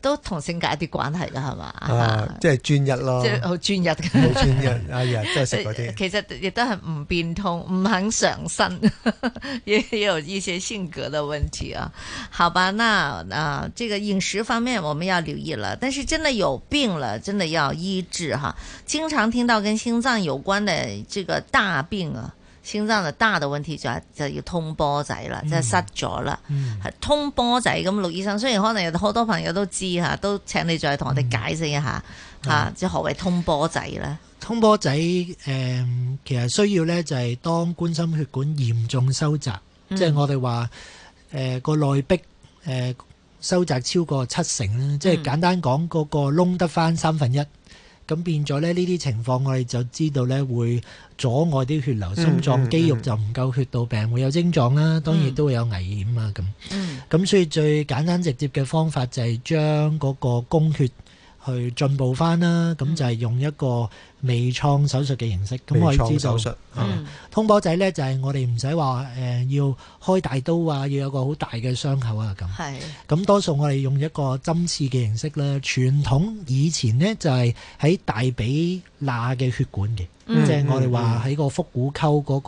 都同性格有啲關係噶，係嘛？啊，即係專一咯，即係好專一。好專一，阿爺都係食嗰啲。其實亦都係唔變通，唔肯上身，也 也有一些性格的問題啊。好吧，那啊，這個飲食方面我們要留意了，但是真的有病了，真的要醫治哈、啊。經常聽到跟心臟有關的這個大病啊。先生就大嘅問題就係就要通波仔啦，即係塞咗啦，係、嗯嗯、通波仔咁。陸醫生雖然可能有好多朋友都知吓，都請你再同我哋解釋一下吓，即係、嗯啊、何謂通波仔咧？通波仔誒、呃、其實需要咧就係當冠心血管嚴重收窄，嗯、即係我哋話誒個內壁誒收窄超過七成啦，嗯、即係簡單講嗰、那個窿得翻三分一。咁變咗咧，呢啲情況我哋就知道咧，會阻礙啲血流心，心臟、mm hmm. 肌肉就唔夠血到，病會有症狀啦。當然都會有危險啊！咁、mm，咁、hmm. 所以最簡單直接嘅方法就係將嗰個供血。去進步翻啦，咁就係用一個微創手術嘅形式。微創手術，嗯、通波仔咧就係我哋唔使話誒要開大刀啊，要有一個好大嘅傷口啊咁。咁係，咁多數我哋用一個針刺嘅形式啦。傳統以前咧就係喺大髀罅嘅血管嘅，即係、嗯、我哋話喺個腹股溝嗰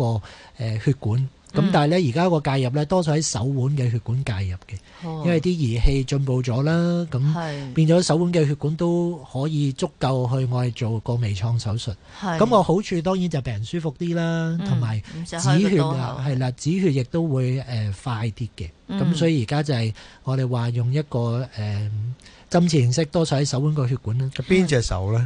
個誒血管。咁、嗯、但係咧，而家個介入咧，多數喺手腕嘅血管介入嘅，好好，因為啲儀器進步咗啦，咁變咗手腕嘅血管都可以足夠去我哋做個微創手術。咁係個好處當然就病人舒服啲、嗯、啦，同埋止血啊，係、呃、啦，止血亦都會誒快啲嘅。咁、嗯、所以而家就係我哋話用一個誒針刺形式，多數喺手腕個血管啦。邊隻手咧？誒、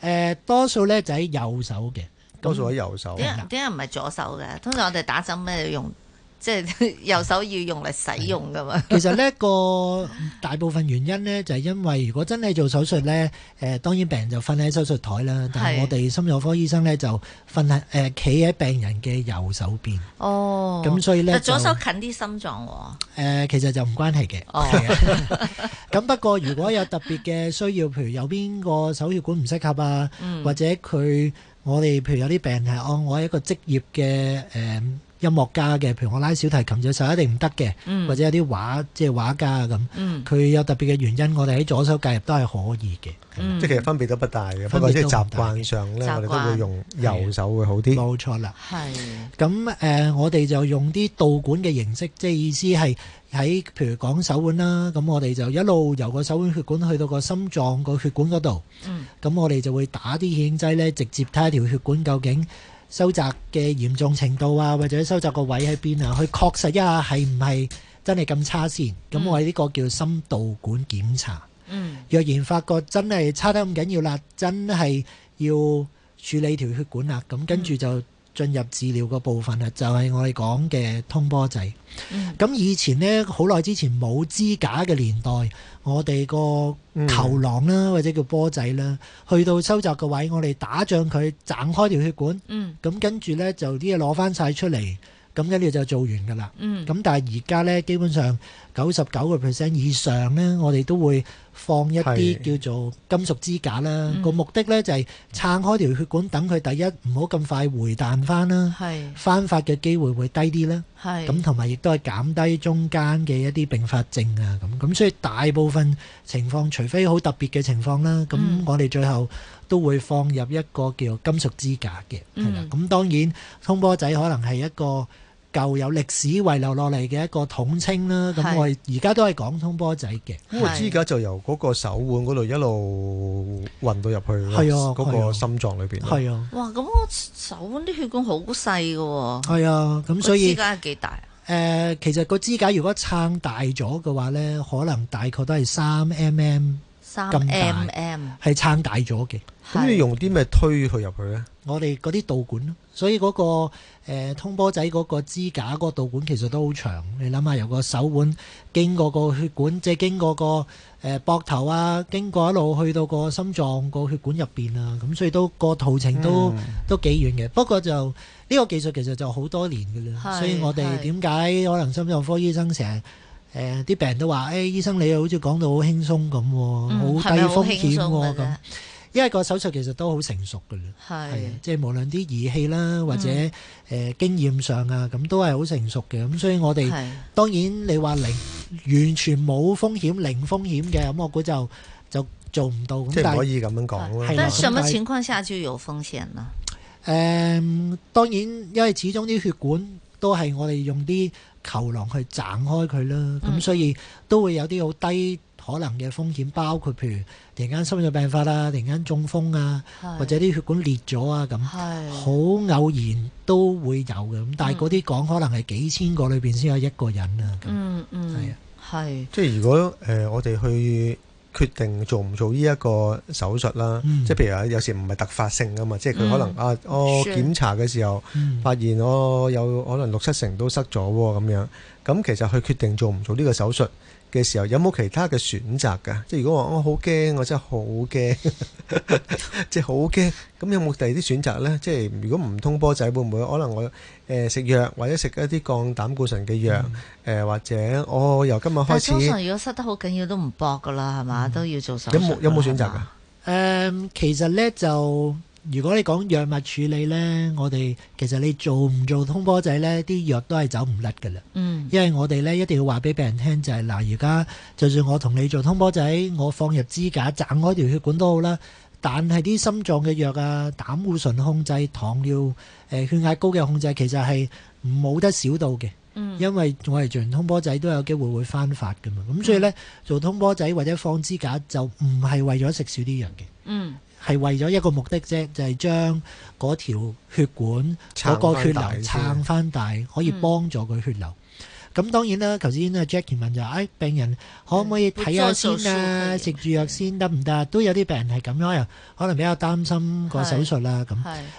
嗯、呃，多數咧就喺右手嘅。多數喺右手。點解唔係左手嘅，通常我哋打針咩要用，即、就、係、是、右手要用嚟使用噶嘛的。其實呢一個大部分原因呢，就係、是、因為如果真係做手術呢，誒、呃，當然病人就瞓喺手術台啦。但係我哋心腦科醫生呢，就瞓喺誒，企、呃、喺病人嘅右手邊。哦。咁所以咧，就左手近啲心臟、哦。誒、呃，其實就唔關係嘅。咁、哦、 不過如果有特別嘅需要，譬如有邊個手血管唔適合啊，嗯、或者佢。我哋譬如有啲病人係哦，我係一個職業嘅誒、嗯、音樂家嘅，譬如我拉小提琴隻手一定唔得嘅，嗯、或者有啲畫即係畫家咁，佢、嗯、有特別嘅原因，我哋喺左手介入都係可以嘅，即係其實分別都不大嘅，不大，不過即係習慣上咧，習慣、我哋都會用右手會好啲。冇錯啦，係，係。咁誒、呃，我哋就用啲導管嘅形式，即係意思係。喺譬如講手腕啦，咁我哋就一路由個手腕血管去到個心臟個血管嗰度，咁、嗯、我哋就會打啲顯影劑咧，直接睇下條血管究竟收窄嘅嚴重程度啊，或者收窄個位喺邊啊，去確實一下係唔係真係咁差先？咁我哋呢個叫心導管檢查。嗯，若然發覺真係差得咁緊要啦，真係要處理條血管啦、啊，咁跟住就。進入治療嗰部分咧，就係、是、我哋講嘅通波仔。咁、嗯、以前呢，好耐之前冇支架嘅年代，我哋個球囊啦，或者叫波仔啦，去到收窄個位置，我哋打脹它，佢，掙開條血管。咁、嗯、跟住呢，就啲嘢攞翻晒出嚟。咁跟住就做完㗎啦。咁、嗯、但係而家呢，基本上九十九個 percent 以上呢，我哋都會。放一啲叫做金屬支架啦，個、嗯、目的咧就係撐開條血管，等佢、嗯、第一唔好咁快回彈翻啦，是翻發嘅機會會低啲啦。咁同埋亦都係減低中間嘅一啲併發症啊咁。咁所以大部分情況，除非好特別嘅情況啦，咁我哋最後都會放入一個叫金屬支架嘅。咁、嗯、當然通波仔可能係一個。舊有歷史遺留落嚟嘅一個統稱啦，咁是我而家都係講通波仔嘅。咁是個支架就由嗰個手腕嗰度一路運到入去，係啊，嗰個心臟裏面，係啊。啊啊哇！咁我手腕啲血管好細㗎喎。係啊，咁所以支架係幾大、啊？誒、呃，其實個支架如果撐大咗嘅話咧，可能大概都係三 mm。三 M M 係撐大咗嘅，咁你用啲咩推佢入去咧？我哋嗰啲導管咯，所以嗰、嗰個誒、呃、通波仔嗰個支架嗰個導管其實都好長，你諗下由個手腕經過個血管，即係經過個誒膊頭啊，經過一路去到個心臟個血管入邊啊，咁所以都個途程都、嗯、都幾遠嘅。不過就呢、呢個技術其實就好多年噶啦，所以我哋點解可能心臟科醫生成日，誒啲、呃、病人都話：誒、欸、醫生，你又好似講到好輕鬆咁，好、嗯、低風險喎咁。是是因為個手術其實都好成熟嘅啦。係的，即係無論啲儀器啦，嗯、或者誒、呃、經驗上啊，咁都係好成熟嘅。咁所以我哋的當然你話零完全冇風險、零風險嘅，咁我估就就做唔到。即係可以咁樣講，但係對的什麼情況下就有風險呢？誒、呃，當然因為始終啲血管都係我哋用啲球囊去撐開佢啦，咁所以都會有啲好低可能嘅風險，嗯、包括譬如突然間心臟病發啦，突然間中風啊，或者啲血管裂咗啊，咁好是 偶然都會有嘅。咁但係嗰啲講可能係幾千個裏面先有一個人啊。嗯嗯，係是啊，係。即係如果誒、呃，我哋去。決定做唔做呢一個手術啦，即係、嗯、譬如有時唔係突發性噶嘛，即係佢可能、嗯、啊，我、哦、檢查嘅時候、嗯、發現我、哦、有可能六七成都塞咗咁樣，咁其實佢決定做唔做呢個手術。嘅時候有冇其他嘅選擇噶？即係如果話我好驚，我真係好驚，即係好驚。咁有冇第二啲選擇呢？即係如果唔通波仔會唔會可能我誒、呃、食藥或者食一啲降膽固醇嘅藥誒、嗯呃，或者我由今日開始通常如果塞得好緊要都唔搏噶啦，係嘛都要做手術、嗯。有冇有冇選擇噶吧、呃？其實呢就。如果你講藥物處理呢，我哋其實你做唔做通波仔呢啲藥都係走唔甩噶啦。嗯，因為我哋呢一定要話俾病人聽就係、是、嗱，而家就算我同你做通波仔，我放入支架斬開條血管都好啦，但係啲心臟嘅藥啊、膽固醇控制、糖尿、呃、血壓高嘅控制，其實係冇得少到嘅。嗯，因為我哋做完通波仔都有機會會翻發噶嘛。咁所以呢，嗯、做通波仔或者放支架就唔係為咗食少啲藥嘅。嗯。係為咗一個目的啫，就係將嗰條血管嗰個血流撐翻大，可以幫助佢血流。嗯咁當然啦，頭先阿 Jackie 問就誒、哎，病人可唔可以睇下先看看啊？食住藥先得唔得？都有啲病人係咁樣啊，可能比較擔心個手術啦。咁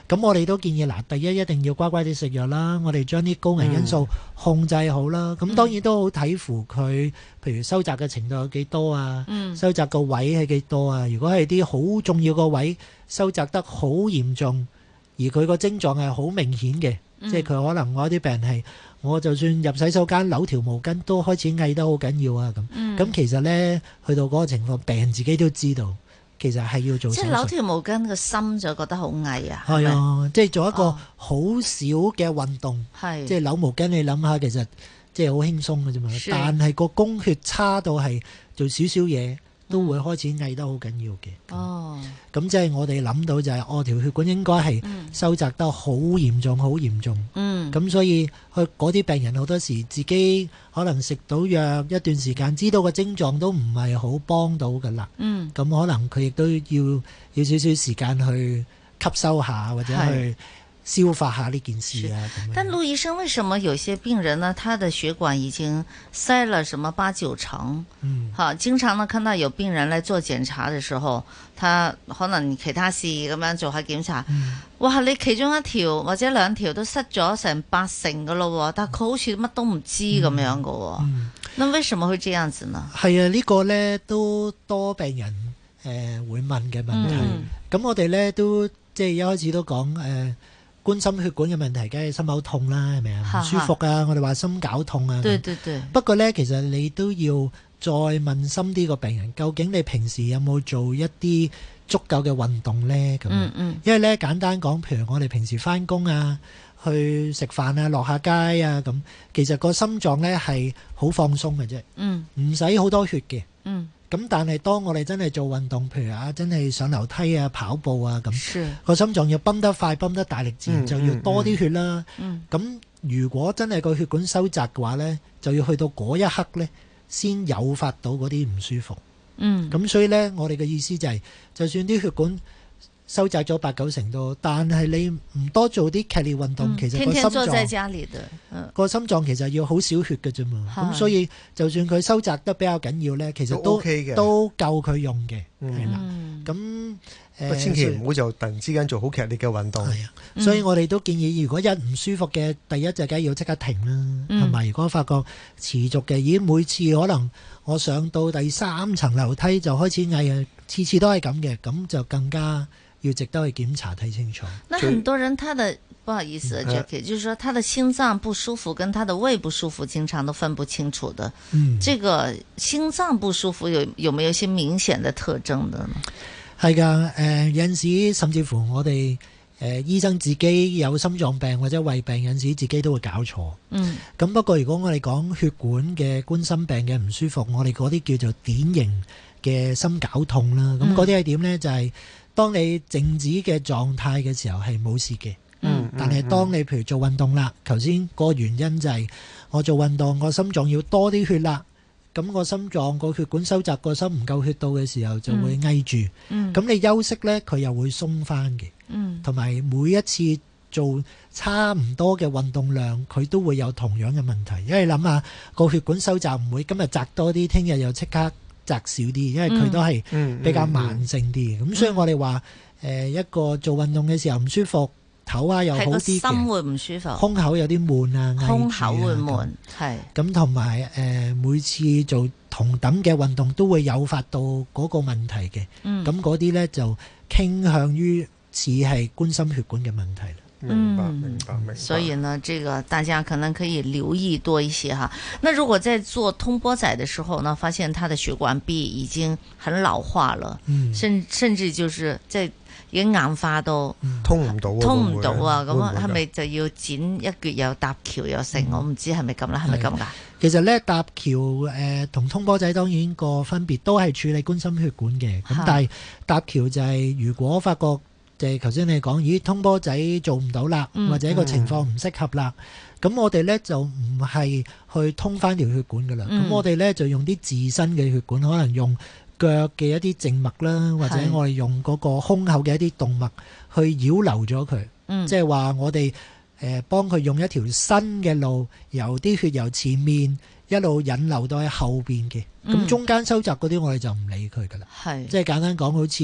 咁我哋都建議嗱，第一一定要乖乖哋食藥啦。我哋將啲高危因素控制好啦。咁、嗯、當然都好睇乎佢，譬如收窄嘅程度有幾多啊？嗯、收窄個位係幾多啊？如果係啲好重要個位收窄得好嚴重，而佢個症狀係好明顯嘅。嗯、即係佢可能我啲病人係，我就算入洗手間扭條毛巾都開始翳得好緊要啊咁。咁、嗯、其實咧，去到嗰個情況，病人自己都知道，其實係要做。即係扭條毛巾個心就覺得好翳啊，係咪？即係做一個好少嘅運動，哦、即係扭毛巾。你諗下，其實即係好輕鬆嘅啫嘛。是的但係個供血差到係做少少嘢。都會開始翳得好緊要嘅、哦就是。哦，咁即係我哋諗到就係，哦條血管應該係收窄得好嚴重，好嚴、嗯、重。嗯，咁所以佢嗰啲病人好多時自己可能食到藥一段時間，知道個症狀都唔係好幫到㗎喇。嗯，咁可能佢亦都要要少少時間去吸收下或者去。消化下呢件事啊！但陸醫生，為什麼有些病人呢？他的血管已經塞了，什麼八九成？嗯，嚇、啊，經常都看到有病人嚟做檢查的時候，他可能其他事咁樣做下檢查。嗯、哇！你其中一條或者兩條都塞咗成八成㗎咯，但佢好似乜都唔知咁樣㗎。咁、嗯嗯、為什麼會這樣子呢？係啊，呢、這個呢都多病人誒、呃、會問嘅問題。咁、嗯、我哋呢都即係一開始都講誒。呃關心血管嘅問題，梗係心口痛啦，係咪啊？唔舒服啊！哈哈我哋話心絞痛啊。對對對。不過咧，其實你都要再問深啲個病人，究竟你平時有冇做一啲足夠嘅運動咧？咁、嗯嗯，因為咧，簡單講，譬如我哋平時翻工啊，去食飯啊，落下街啊，咁其實個心臟咧係好放鬆嘅啫，唔使好多血嘅。嗯咁但係當我哋真係做運動，譬如啊，真係上樓梯啊、跑步啊咁，個是心臟要泵得快、泵得大力，自然就要多啲血啦。咁、嗯嗯、如果真係個血管收窄嘅話呢，就要去到嗰一刻呢，先誘發到嗰啲唔舒服。嗯，咁所以呢，我哋嘅意思就係、是，就算啲血管收窄咗八九成多，但係你唔多做啲劇烈運動，嗯、其實個心臟個心臟其實要好少血嘅啫嘛。咁的所以就算佢收窄得比較緊要呢，其實都都，OK、都夠佢用嘅，係啦、嗯。咁誒，呃、千祈唔好就突然之間做好劇烈嘅運動。係啊，所以我哋都建議，如果一唔舒服嘅，第一隻梗要即刻停啦，同埋、嗯、如果發覺持續嘅，咦每次可能我上到第三層樓梯就開始嗌啊，次次都係咁嘅，咁就更加。要值得去檢查睇清楚。那很多人他的以不好意思 Jackie、嗯呃、就是說他的心臟不舒服，跟他的胃不舒服，經常都分不清楚的。嗯，這個心臟不舒服有有沒有一些明顯的特徵的呢？係噶，誒、呃，有陣時甚至乎我哋誒、呃、醫生自己有心臟病或者胃病，有陣時自己都會搞錯。嗯，咁不過如果我哋講血管嘅冠心病嘅唔舒服，我哋嗰啲叫做典型嘅心絞痛啦。咁嗰啲係點咧？就係、嗯。當你靜止嘅狀態嘅時候係冇事嘅，嗯，但係當你譬如做運動啦，頭先、嗯、個原因就係我做運動我心臟要多啲血啦，咁個心臟個血管收窄，個心唔夠血到嘅時候就會翳住，嗯，嗯，咁你休息呢，佢又會鬆翻嘅，嗯，同埋每一次做差唔多嘅運動量，佢都會有同樣嘅問題，因為諗下個血管收窄唔會今日窄多啲，聽日又即刻窄少啲，因為佢都係比較慢性啲嘅，咁、嗯嗯嗯、所以我哋話，誒、呃、一個做運動嘅時候唔舒服，頭啊又好啲，心會唔舒服，胸口有啲悶啊，胸口會悶，係樣，咁同埋誒每次做同等嘅運動都會誘發到嗰個問題嘅，咁嗰啲咧就傾向於似係冠心血管嘅問題。嗯，明白，明白，所以呢，這個大家可能可以留意多一些哈。那如果在做通波仔的時候呢，發現他的血管壁已經很老化了，甚、嗯、甚至就是即係已經硬化都、嗯、通唔到，通唔到係咪啊？咁係咪就要剪一橛又搭橋又成？嗯、我唔知係咪咁啦，係咪咁噶？其實呢，搭橋誒同通波仔當然個分別都係處理冠心血管嘅，咁的但係搭橋就係、是、如果發覺。就係頭先你講，咦通波仔做唔到啦，嗯、或者個情況唔適合啦，咁、嗯、我哋咧就唔係去通翻條血管噶啦，咁、嗯、我哋咧就用啲自身嘅血管，可能用腳嘅一啲靜脈啦，或者我哋用嗰個胸口嘅一啲動脈去繞流咗佢，嗯、即係話我哋誒幫佢用一條新嘅路，由啲血由前面一路引流到喺後面嘅。咁中間收窄嗰啲，我哋就唔理佢噶啦，即係簡單講，好似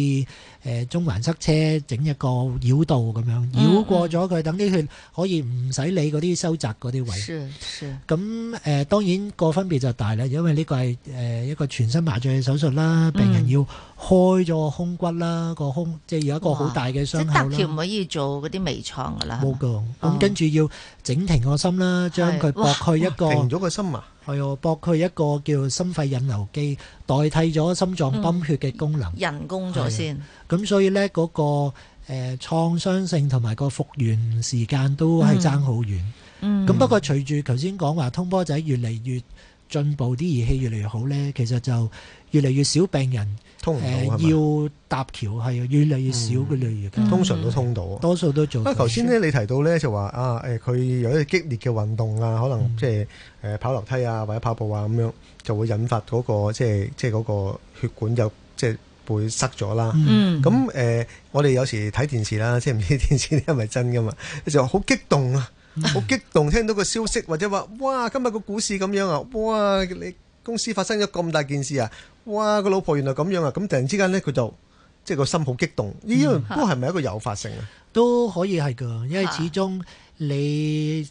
誒中環塞車，整一個繞道咁樣繞、嗯、過咗佢，等啲血可以唔使理嗰啲收窄嗰啲位。咁誒、呃、當然個分別就大啦，因為呢個係誒一個全身麻醉嘅手術啦，病人要開咗胸骨啦，嗯、個胸即係有一個好大嘅傷口啦。即唔可以做嗰啲微創㗎啦。冇噶，咁跟住要整停個心啦，將佢駁去一個。一個停咗個心啊！係啊，駁去一個叫心肺引。.游機代替咗心臟泵血嘅功能，人工咗先。咁所以呢，嗰個誒創傷性同埋個復原時間都係爭好遠。咁不過隨住頭先講話通波仔越嚟越進步，啲儀器越嚟越好呢，其實就。通唔到，越嚟越少病人，誒要搭橋係，越嚟越少嘅、嗯、類型的。通常都通到，嗯、多數都做。啊，頭先咧你提到咧就話啊誒，佢有一啲激烈嘅運動啊，可能即係誒跑樓梯啊或者跑步啊咁樣，就會引發嗰、那個即係即係嗰個血管就即係會塞咗啦。咁誒、嗯呃，我哋有時睇電視啦，即係唔知電視啲係咪真噶嘛？就話好激動啊，好、嗯、激動聽到個消息或者話哇，今日個股市咁樣啊，哇你～公司發生咗咁大件事啊！哇，個老婆原來咁樣啊！咁突然之間咧，佢就即係個心好激動。呢個都係咪一個誘發性啊？都可以係噶，因為始終你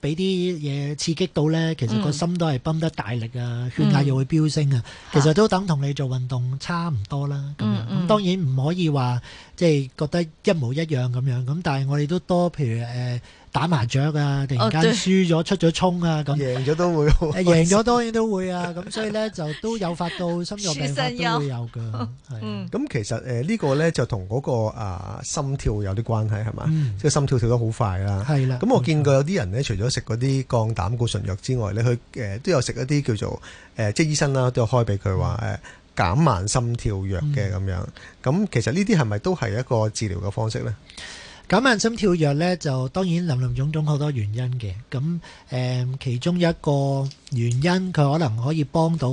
俾啲嘢刺激到咧，其實個心都係泵得大力啊，血壓又會飆升啊。其實都等同你做運動差唔多啦。咁樣咁當然唔可以話即係覺得一模一樣咁樣。咁但係我哋都多譬如誒。打麻雀啊！突然間輸咗出咗沖啊！咁贏咗都會，贏咗當然都會啊！咁 所以咧就都有發到心臟病發都會有嘅。咁、嗯、其實誒呢個咧就同嗰個啊心跳有啲關係係嘛？即係、嗯、心跳跳得好快啦。係啦的。咁我見過有啲人咧，除咗食嗰啲降膽固醇藥之外咧，佢誒、嗯、都有食一啲叫做誒、呃、即係醫生啦都有開俾佢話誒減慢心跳藥嘅咁樣。咁、嗯、其實呢啲係咪都係一個治療嘅方式咧？咁人心跳弱呢，就當然林林總總好多原因嘅。咁、呃、其中一個原因佢可能可以幫到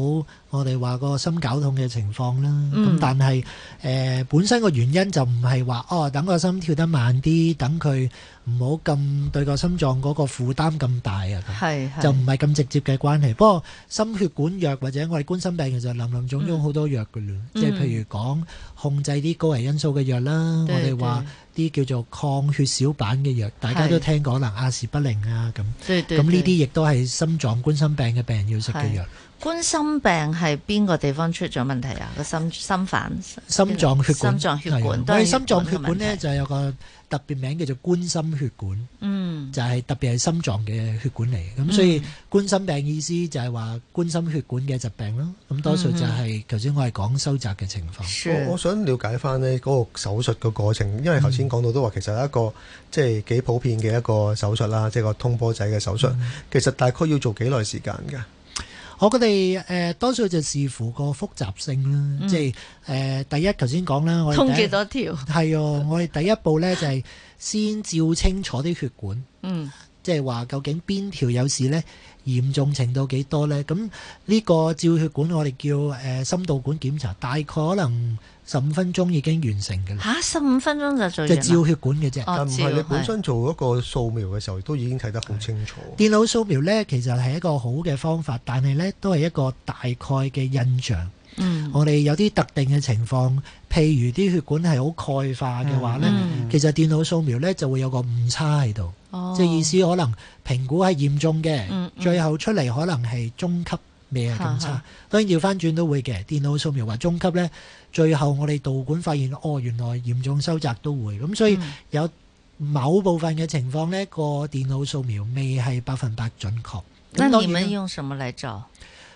我哋話個心絞痛嘅情況啦，咁、嗯、但係誒、呃、本身個原因就唔係話哦等個心跳得慢啲，等佢唔好咁對個心臟嗰個負擔咁大啊，是是就唔係咁直接嘅關係，不過心血管藥或者我哋冠心病其實林林總總好多藥嘅，即係譬如講控制啲高危因素嘅藥啦，嗯、我哋話啲叫做抗血小板嘅藥，大家都聽講啦，阿、啊、士不靈啊咁，咁呢啲亦都係心臟冠心病。病嘅病，要食嘅藥。冠心病係邊個地方出咗問題啊？個心心瓣心臟血管，心臟血管，心臟血管呢，就係有個特別名叫做冠心血管，嗯，就係特別係心臟嘅血管嚟。咁所以冠心病意思就係話冠心血管嘅疾病咯。咁多數就係頭先我係講收窄嘅情況。我我想了解翻呢嗰個手術嘅過程，因為頭先講到都話其實一個即係幾普遍嘅一個手術啦，即係個通波仔嘅手術。其實大概要做幾耐時間噶？我哋誒多數就視乎個複雜性啦，嗯、即係誒、呃、第一頭先講啦。我哋通幾多條？係喎、哦，我哋第一步咧就係先照清楚啲血管，嗯，即係話究竟邊條有事咧，嚴重程度幾多咧？咁呢個照血管我哋叫誒、呃、心導管檢查，大概可能。十五分鐘已經完成㗎喇。嚇、啊，十五分鐘就做就照血管嘅啫，唔係、哦、你本身做一個掃描嘅時候都已經睇得好清楚。電腦掃描呢，其實係一個好嘅方法，但係呢都係一個大概嘅印象。嗯、我哋有啲特定嘅情況，譬如啲血管係好鈣化嘅話呢，嗯、其實電腦掃描呢就會有個誤差喺度。即係、哦、意思係可能評估係嚴重嘅，嗯嗯，最後出嚟可能係中級咩咁差。的當然要翻轉都會嘅，電腦掃描話中級呢。最後我哋導管發現哦，原來嚴重收窄都會咁，所以有某部分嘅情況，呢個電腦掃描未係百分百準確。咁當然，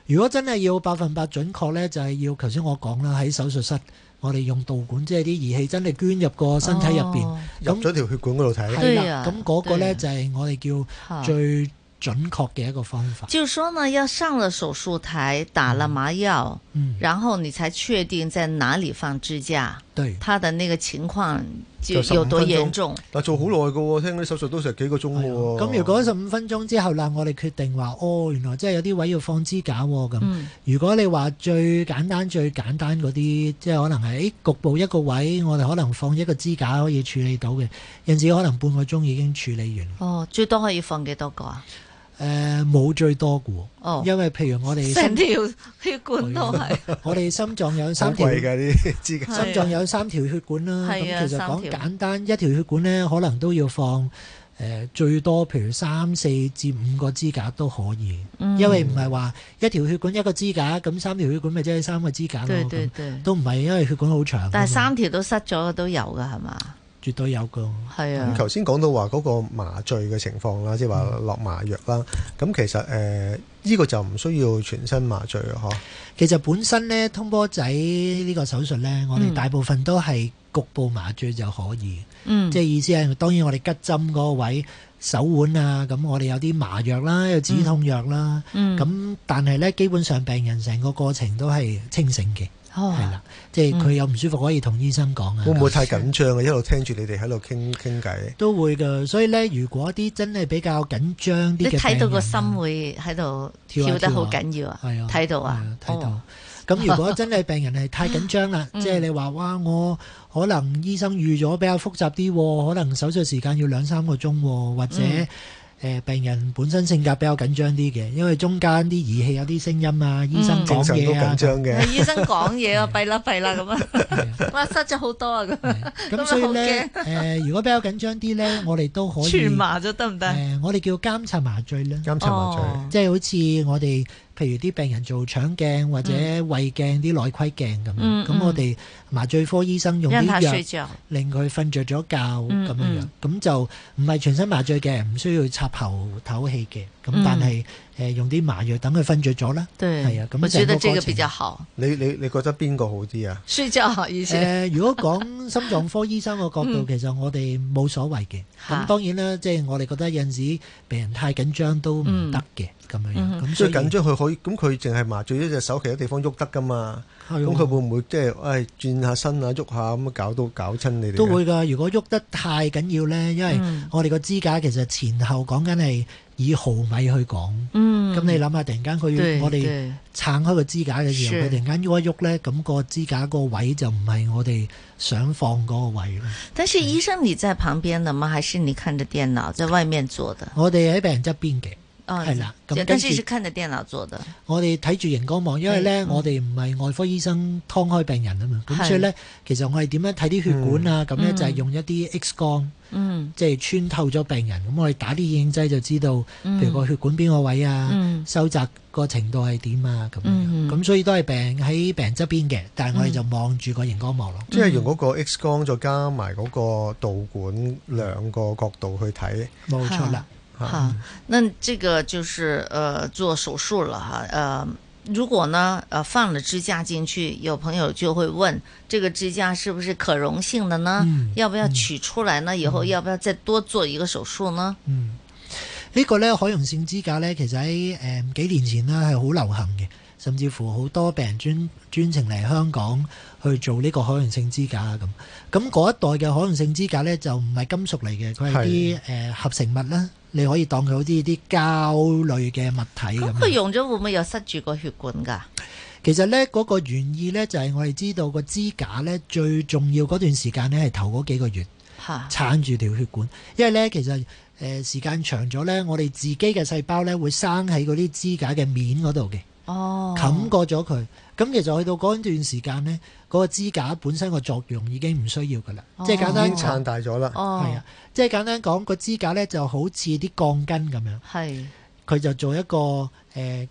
如果真係要百分百準確呢，就係、是、要頭先我講啦，喺手術室我哋用導管，即係啲儀器真係捐入個身體面、哦、那入邊，入咗條血管嗰度睇。咁嗰、啊、個呢，就係我哋叫最。準確嘅一個方法，就是說呢，要上了手術台，打了麻藥、嗯，嗯，然後你才確定在哪裏放支架，對，他的那個情況就有多嚴重。但做好耐㗎，嗯、聽啲手術都成幾個鐘嘅。咁、哎、如果十五分鐘之後，啦，我哋決定話，哦，原來即係有啲位要放支架咁。如果你話最簡單、最簡單嗰啲，嗯、即係可能喺局部一個位，我哋可能放一個支架可以處理到嘅，有陣時可能半個鐘已經處理完。哦，最多可以放幾多個啊？誒，冇、呃、最多嘅喎，因為譬如我哋成條血管都係，對 我哋心臟有三條，支架， 心臟有三條血管啦。咁、啊、其實講簡單，條一條血管咧，可能都要放誒最多，譬如三四至五個支架都可以，嗯、因為唔係話一條血管一個支架，咁三條血管咪即係三個支架咯。對對對，都唔係，因為血管好長，但係三條都塞咗都有噶係嘛？絕對有㗎，係啊、嗯！咁頭先講到話嗰個麻醉嘅情況啦，即係話落麻藥啦。咁其實誒，依、呃呢個就唔需要全身麻醉咯，嗬，其實本身咧，通波仔呢個手術咧，嗯、我哋大部分都係局部麻醉就可以。嗯。即係意思係，當然我哋吉針嗰個位、手腕啊，咁我哋有啲麻藥啦，有止痛藥啦。嗯。咁但係咧，基本上病人成個過程都係清醒嘅。哦，係啦，即係佢有唔舒服可以同醫生講啊。嗯、說會唔會太緊張啊？一路聽住你哋喺度傾傾偈，都會噶。所以咧，如果啲真係比較緊張啲嘅病，你睇到個心會喺度跳得好緊要啊？係啊跳，睇的到啊，睇到。咁、哦、如果真係病人係太緊張啦，哦、 即係你話哇，我可能醫生預咗比較複雜啲，可能手術時間要兩三個鐘，或者、嗯。誒病人本身性格比較緊張啲嘅，因為中間啲儀器有啲聲音啊，醫生講嘢啊，嗯、都 醫生講嘢 啊，弊啦弊啦咁樣，哇失咗好多啊咁，咁所以咧 呃、如果比較緊張啲咧，我哋都可以全麻咗得唔得？誒我哋叫監察麻醉啦，監察麻醉，哦、即係好似我哋。譬如啲病人做腸鏡或者胃鏡啲內窺鏡咁，咁我哋麻醉科醫生用啲藥令佢瞓着咗覺咁樣，咁就唔係全身麻醉嘅，唔需要插喉唞氣嘅，咁但係誒用啲麻藥等佢瞓着咗啦，對，係啊。我覺得這個比較好。你你你覺得邊個好啲啊？睡覺好一些。誒，如果講心臟科醫生嘅角度，其實我哋冇所謂嘅。咁當然啦，即係我哋覺得有陣時病人太緊張都唔得嘅。咁樣，所以緊張佢可以，咁佢淨係麻醉咗隻手，其他地方喐得㗎嘛。咁佢、哎、呀會唔會即、就、係、是，哎，轉下身啊，喐下咁樣搞到搞親你哋？都會㗎。如果喐得太緊要咧，因為、嗯、我哋個支架其實前後講緊係以毫米去講。咁、嗯、你諗下，突然間佢我哋撐開個支架嘅時候，佢是突然間喐一喐咧，咁、那個支架個位就唔係我哋想放嗰個位。但是醫生，你在旁邊的嘛，是還是你看着電腦在外面坐的？我哋喺病人側邊嘅。係啦，咁跟住，但是係看着電腦做的。我哋睇住熒光幕，因為咧我哋唔係外科醫生，劏開病人啊嘛，咁、嗯、所以咧，其實我係點樣睇啲血管啊？咁咧、嗯、就係用一啲 X 光，即係、嗯、穿透咗病人，咁我哋打啲影劑就知道，譬如個血管邊個位啊，嗯嗯、收窄個程度係點啊，咁咁、嗯嗯、所以都係病喺病側邊嘅，但係我哋就望住個熒光幕咯。即係用嗰個 X 光再加埋嗰個導管兩個角度去睇，冇錯啦。好，那這個就是，呃，做手術了哈，呃，如果呢，呃，放了支架進去，有朋友就會問，這個支架是不是可溶性的呢？嗯嗯、要不要取出來呢？以後要不要再多做一個手術呢？嗯，呢、這個呢可溶性支架呢，其實喺誒、呃、幾年前呢係好流行嘅，甚至乎好多病人專專程嚟香港。去做呢個可溶性支架啊！咁咁嗰一代嘅可溶性支架呢，就唔係金屬嚟嘅，佢係啲合成物啦。你可以當佢好似啲膠類嘅物體咁。佢用咗會唔會又塞住個血管㗎？其實呢嗰、那個原意呢，就係、是、我哋知道個支架呢，最重要嗰段時間呢係頭嗰幾個月哈撐住條血管，因為呢，其實誒、呃、時間長咗呢，我哋自己嘅細胞呢會生喺嗰啲支架嘅面嗰度嘅，冚、哦、過咗佢。咁其實去到嗰段時間呢。嗰個支架本身個作用已經唔需要噶啦、哦，即係簡單撐大咗啦。係啊，即係簡單講，個支架咧就好似啲鋼筋咁樣，佢是就做一個誒、呃、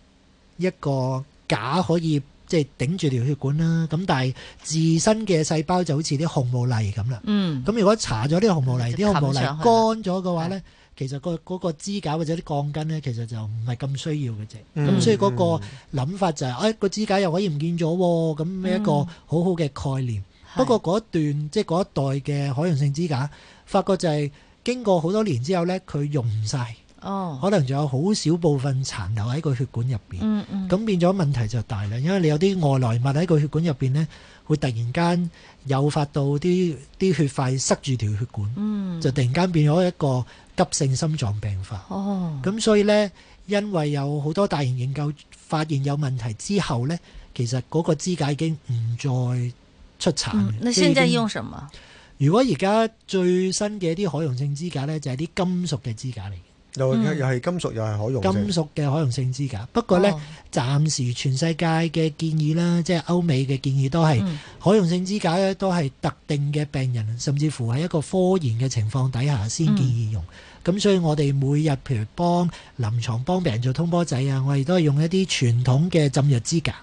一個架可以即係頂住條血管啦。咁但係自身嘅細胞就好似啲紅毛泥咁啦。嗯，咁如果搽咗啲紅毛泥，啲紅毛泥乾咗嘅話咧。嗯其實那個嗰個支架或者啲鋼筋咧，其實就唔係咁需要嘅啫。咁、嗯、所以嗰個諗法就係、是，嗯、哎，個支架又可以唔見咗喎。咁、嗯、一個很好好嘅概念。嗯、不過嗰一段即係嗰一代嘅海洋性支架，發覺就係經過好多年之後咧，佢用唔晒。哦，可能仲有好少部分殘留喺個血管入邊，咁、嗯嗯、變咗問題就大啦。因為你有啲外來物喺個血管入邊呢，會突然間誘發到啲啲血塊塞住條血管，嗯、就突然間變咗一個急性心臟病發。哦，咁所以呢，因為有好多大型研究發現有問題之後呢，其實嗰個支架已經唔再出產嘅。你現、嗯、在用什麼？如果而家最新嘅一啲可用性支架呢，就係、是、啲金屬嘅支架嚟。又又係金屬，嗯、又係可溶金屬嘅可溶性支架。不過呢，哦、暫時全世界嘅建議啦，即係歐美嘅建議都係可溶性支架咧，都係特定嘅病人，嗯、甚至乎喺一個科研嘅情況底下先建議用。咁、嗯、所以我哋每日譬如幫臨床幫病人做通波仔啊，我哋都係用一啲傳統嘅浸藥支架，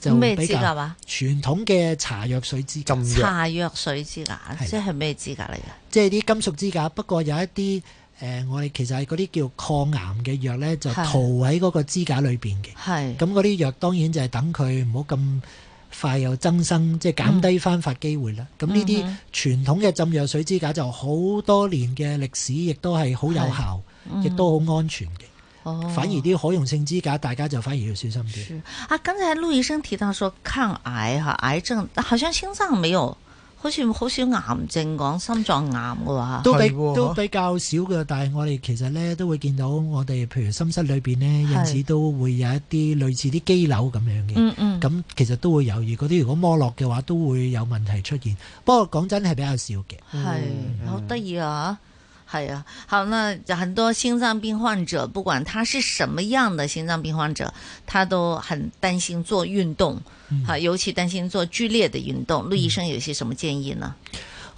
就咩支架啊？傳統嘅茶藥水支架，藥茶藥水支架，是的即係咩支架嚟噶？即係啲金屬支架，不過有一啲。誒、呃，我哋其實係嗰啲叫抗癌嘅藥咧，就塗喺嗰個支架裏邊嘅。係是，咁嗰啲藥當然就係等佢唔好咁快又增生，即、就、係、是、減低翻發機會啦。咁呢啲傳統嘅浸藥水支架就好多年嘅歷史，亦都係好有效，亦、嗯、都好安全嘅。哦、反而啲可溶性支架，大家就反而要小心啲。啊，剛才陸醫生提到說抗癌嚇癌症，好像心臟沒有。好似好少癌症講心臟癌嘅話，都比都比較少嘅。但係我哋其實咧都會見到，我哋譬如心室裏邊咧，是因此都會有一啲類似啲肌瘤咁樣嘅。嗯嗯，咁其實都會有，豫嗰啲如果摸落嘅話，都會有問題出現。不過講真係比較少嘅，係好得意啊！係啊，好，那很多心臟病患者，不管他是什麼樣的心臟病患者，他都很擔心做運動，嗯啊、尤其擔心做劇烈的運動。陸醫生有些什麼建議呢？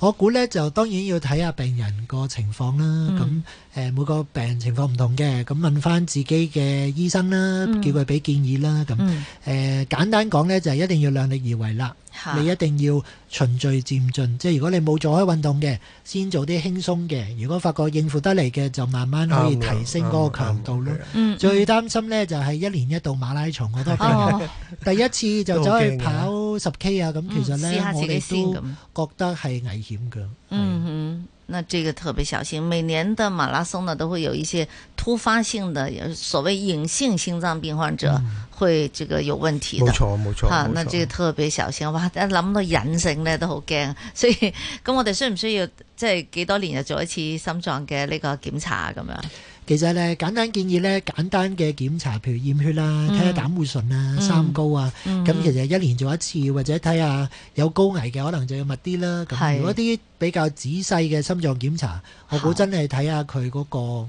我估呢，就當然要睇下病人個情況啦，咁誒、嗯呃、每個病人情況唔同嘅，咁問翻自己嘅醫生啦，叫佢俾建議啦，咁誒、嗯嗯呃、簡單講呢就係一定要量力而為啦。你一定要循序漸進，即係如果你冇做開運動嘅，先做啲輕鬆嘅；如果發覺應付得嚟嘅，就慢慢可以提升嗰個強度咯。嗯嗯、最擔心呢，就係一年一度馬拉松，我都、哦哦、第一次就走去跑十 K 啊！咁其實呢，我哋都覺得係危險嘅。嗯哼，是那這個特別小心。每年的馬拉松呢，都會有一些突發性的所謂隱性心臟病患者。嗯會這個有問題，冇錯冇錯，吓、啊，那就要特別小心。錯哇，一諗到隱性咧都好驚，所以咁我哋需唔需要即係幾多年就做一次心臟嘅呢個檢查咁樣？其實咧簡單建議咧，簡單嘅檢查，譬如驗血啦，睇下膽固醇啊、嗯、三高啊，咁、嗯、其實一年做一次，或者睇下有高危嘅，可能就要密啲啦。是如果啲比較仔細嘅心臟檢查，好我估真係睇下佢嗰個。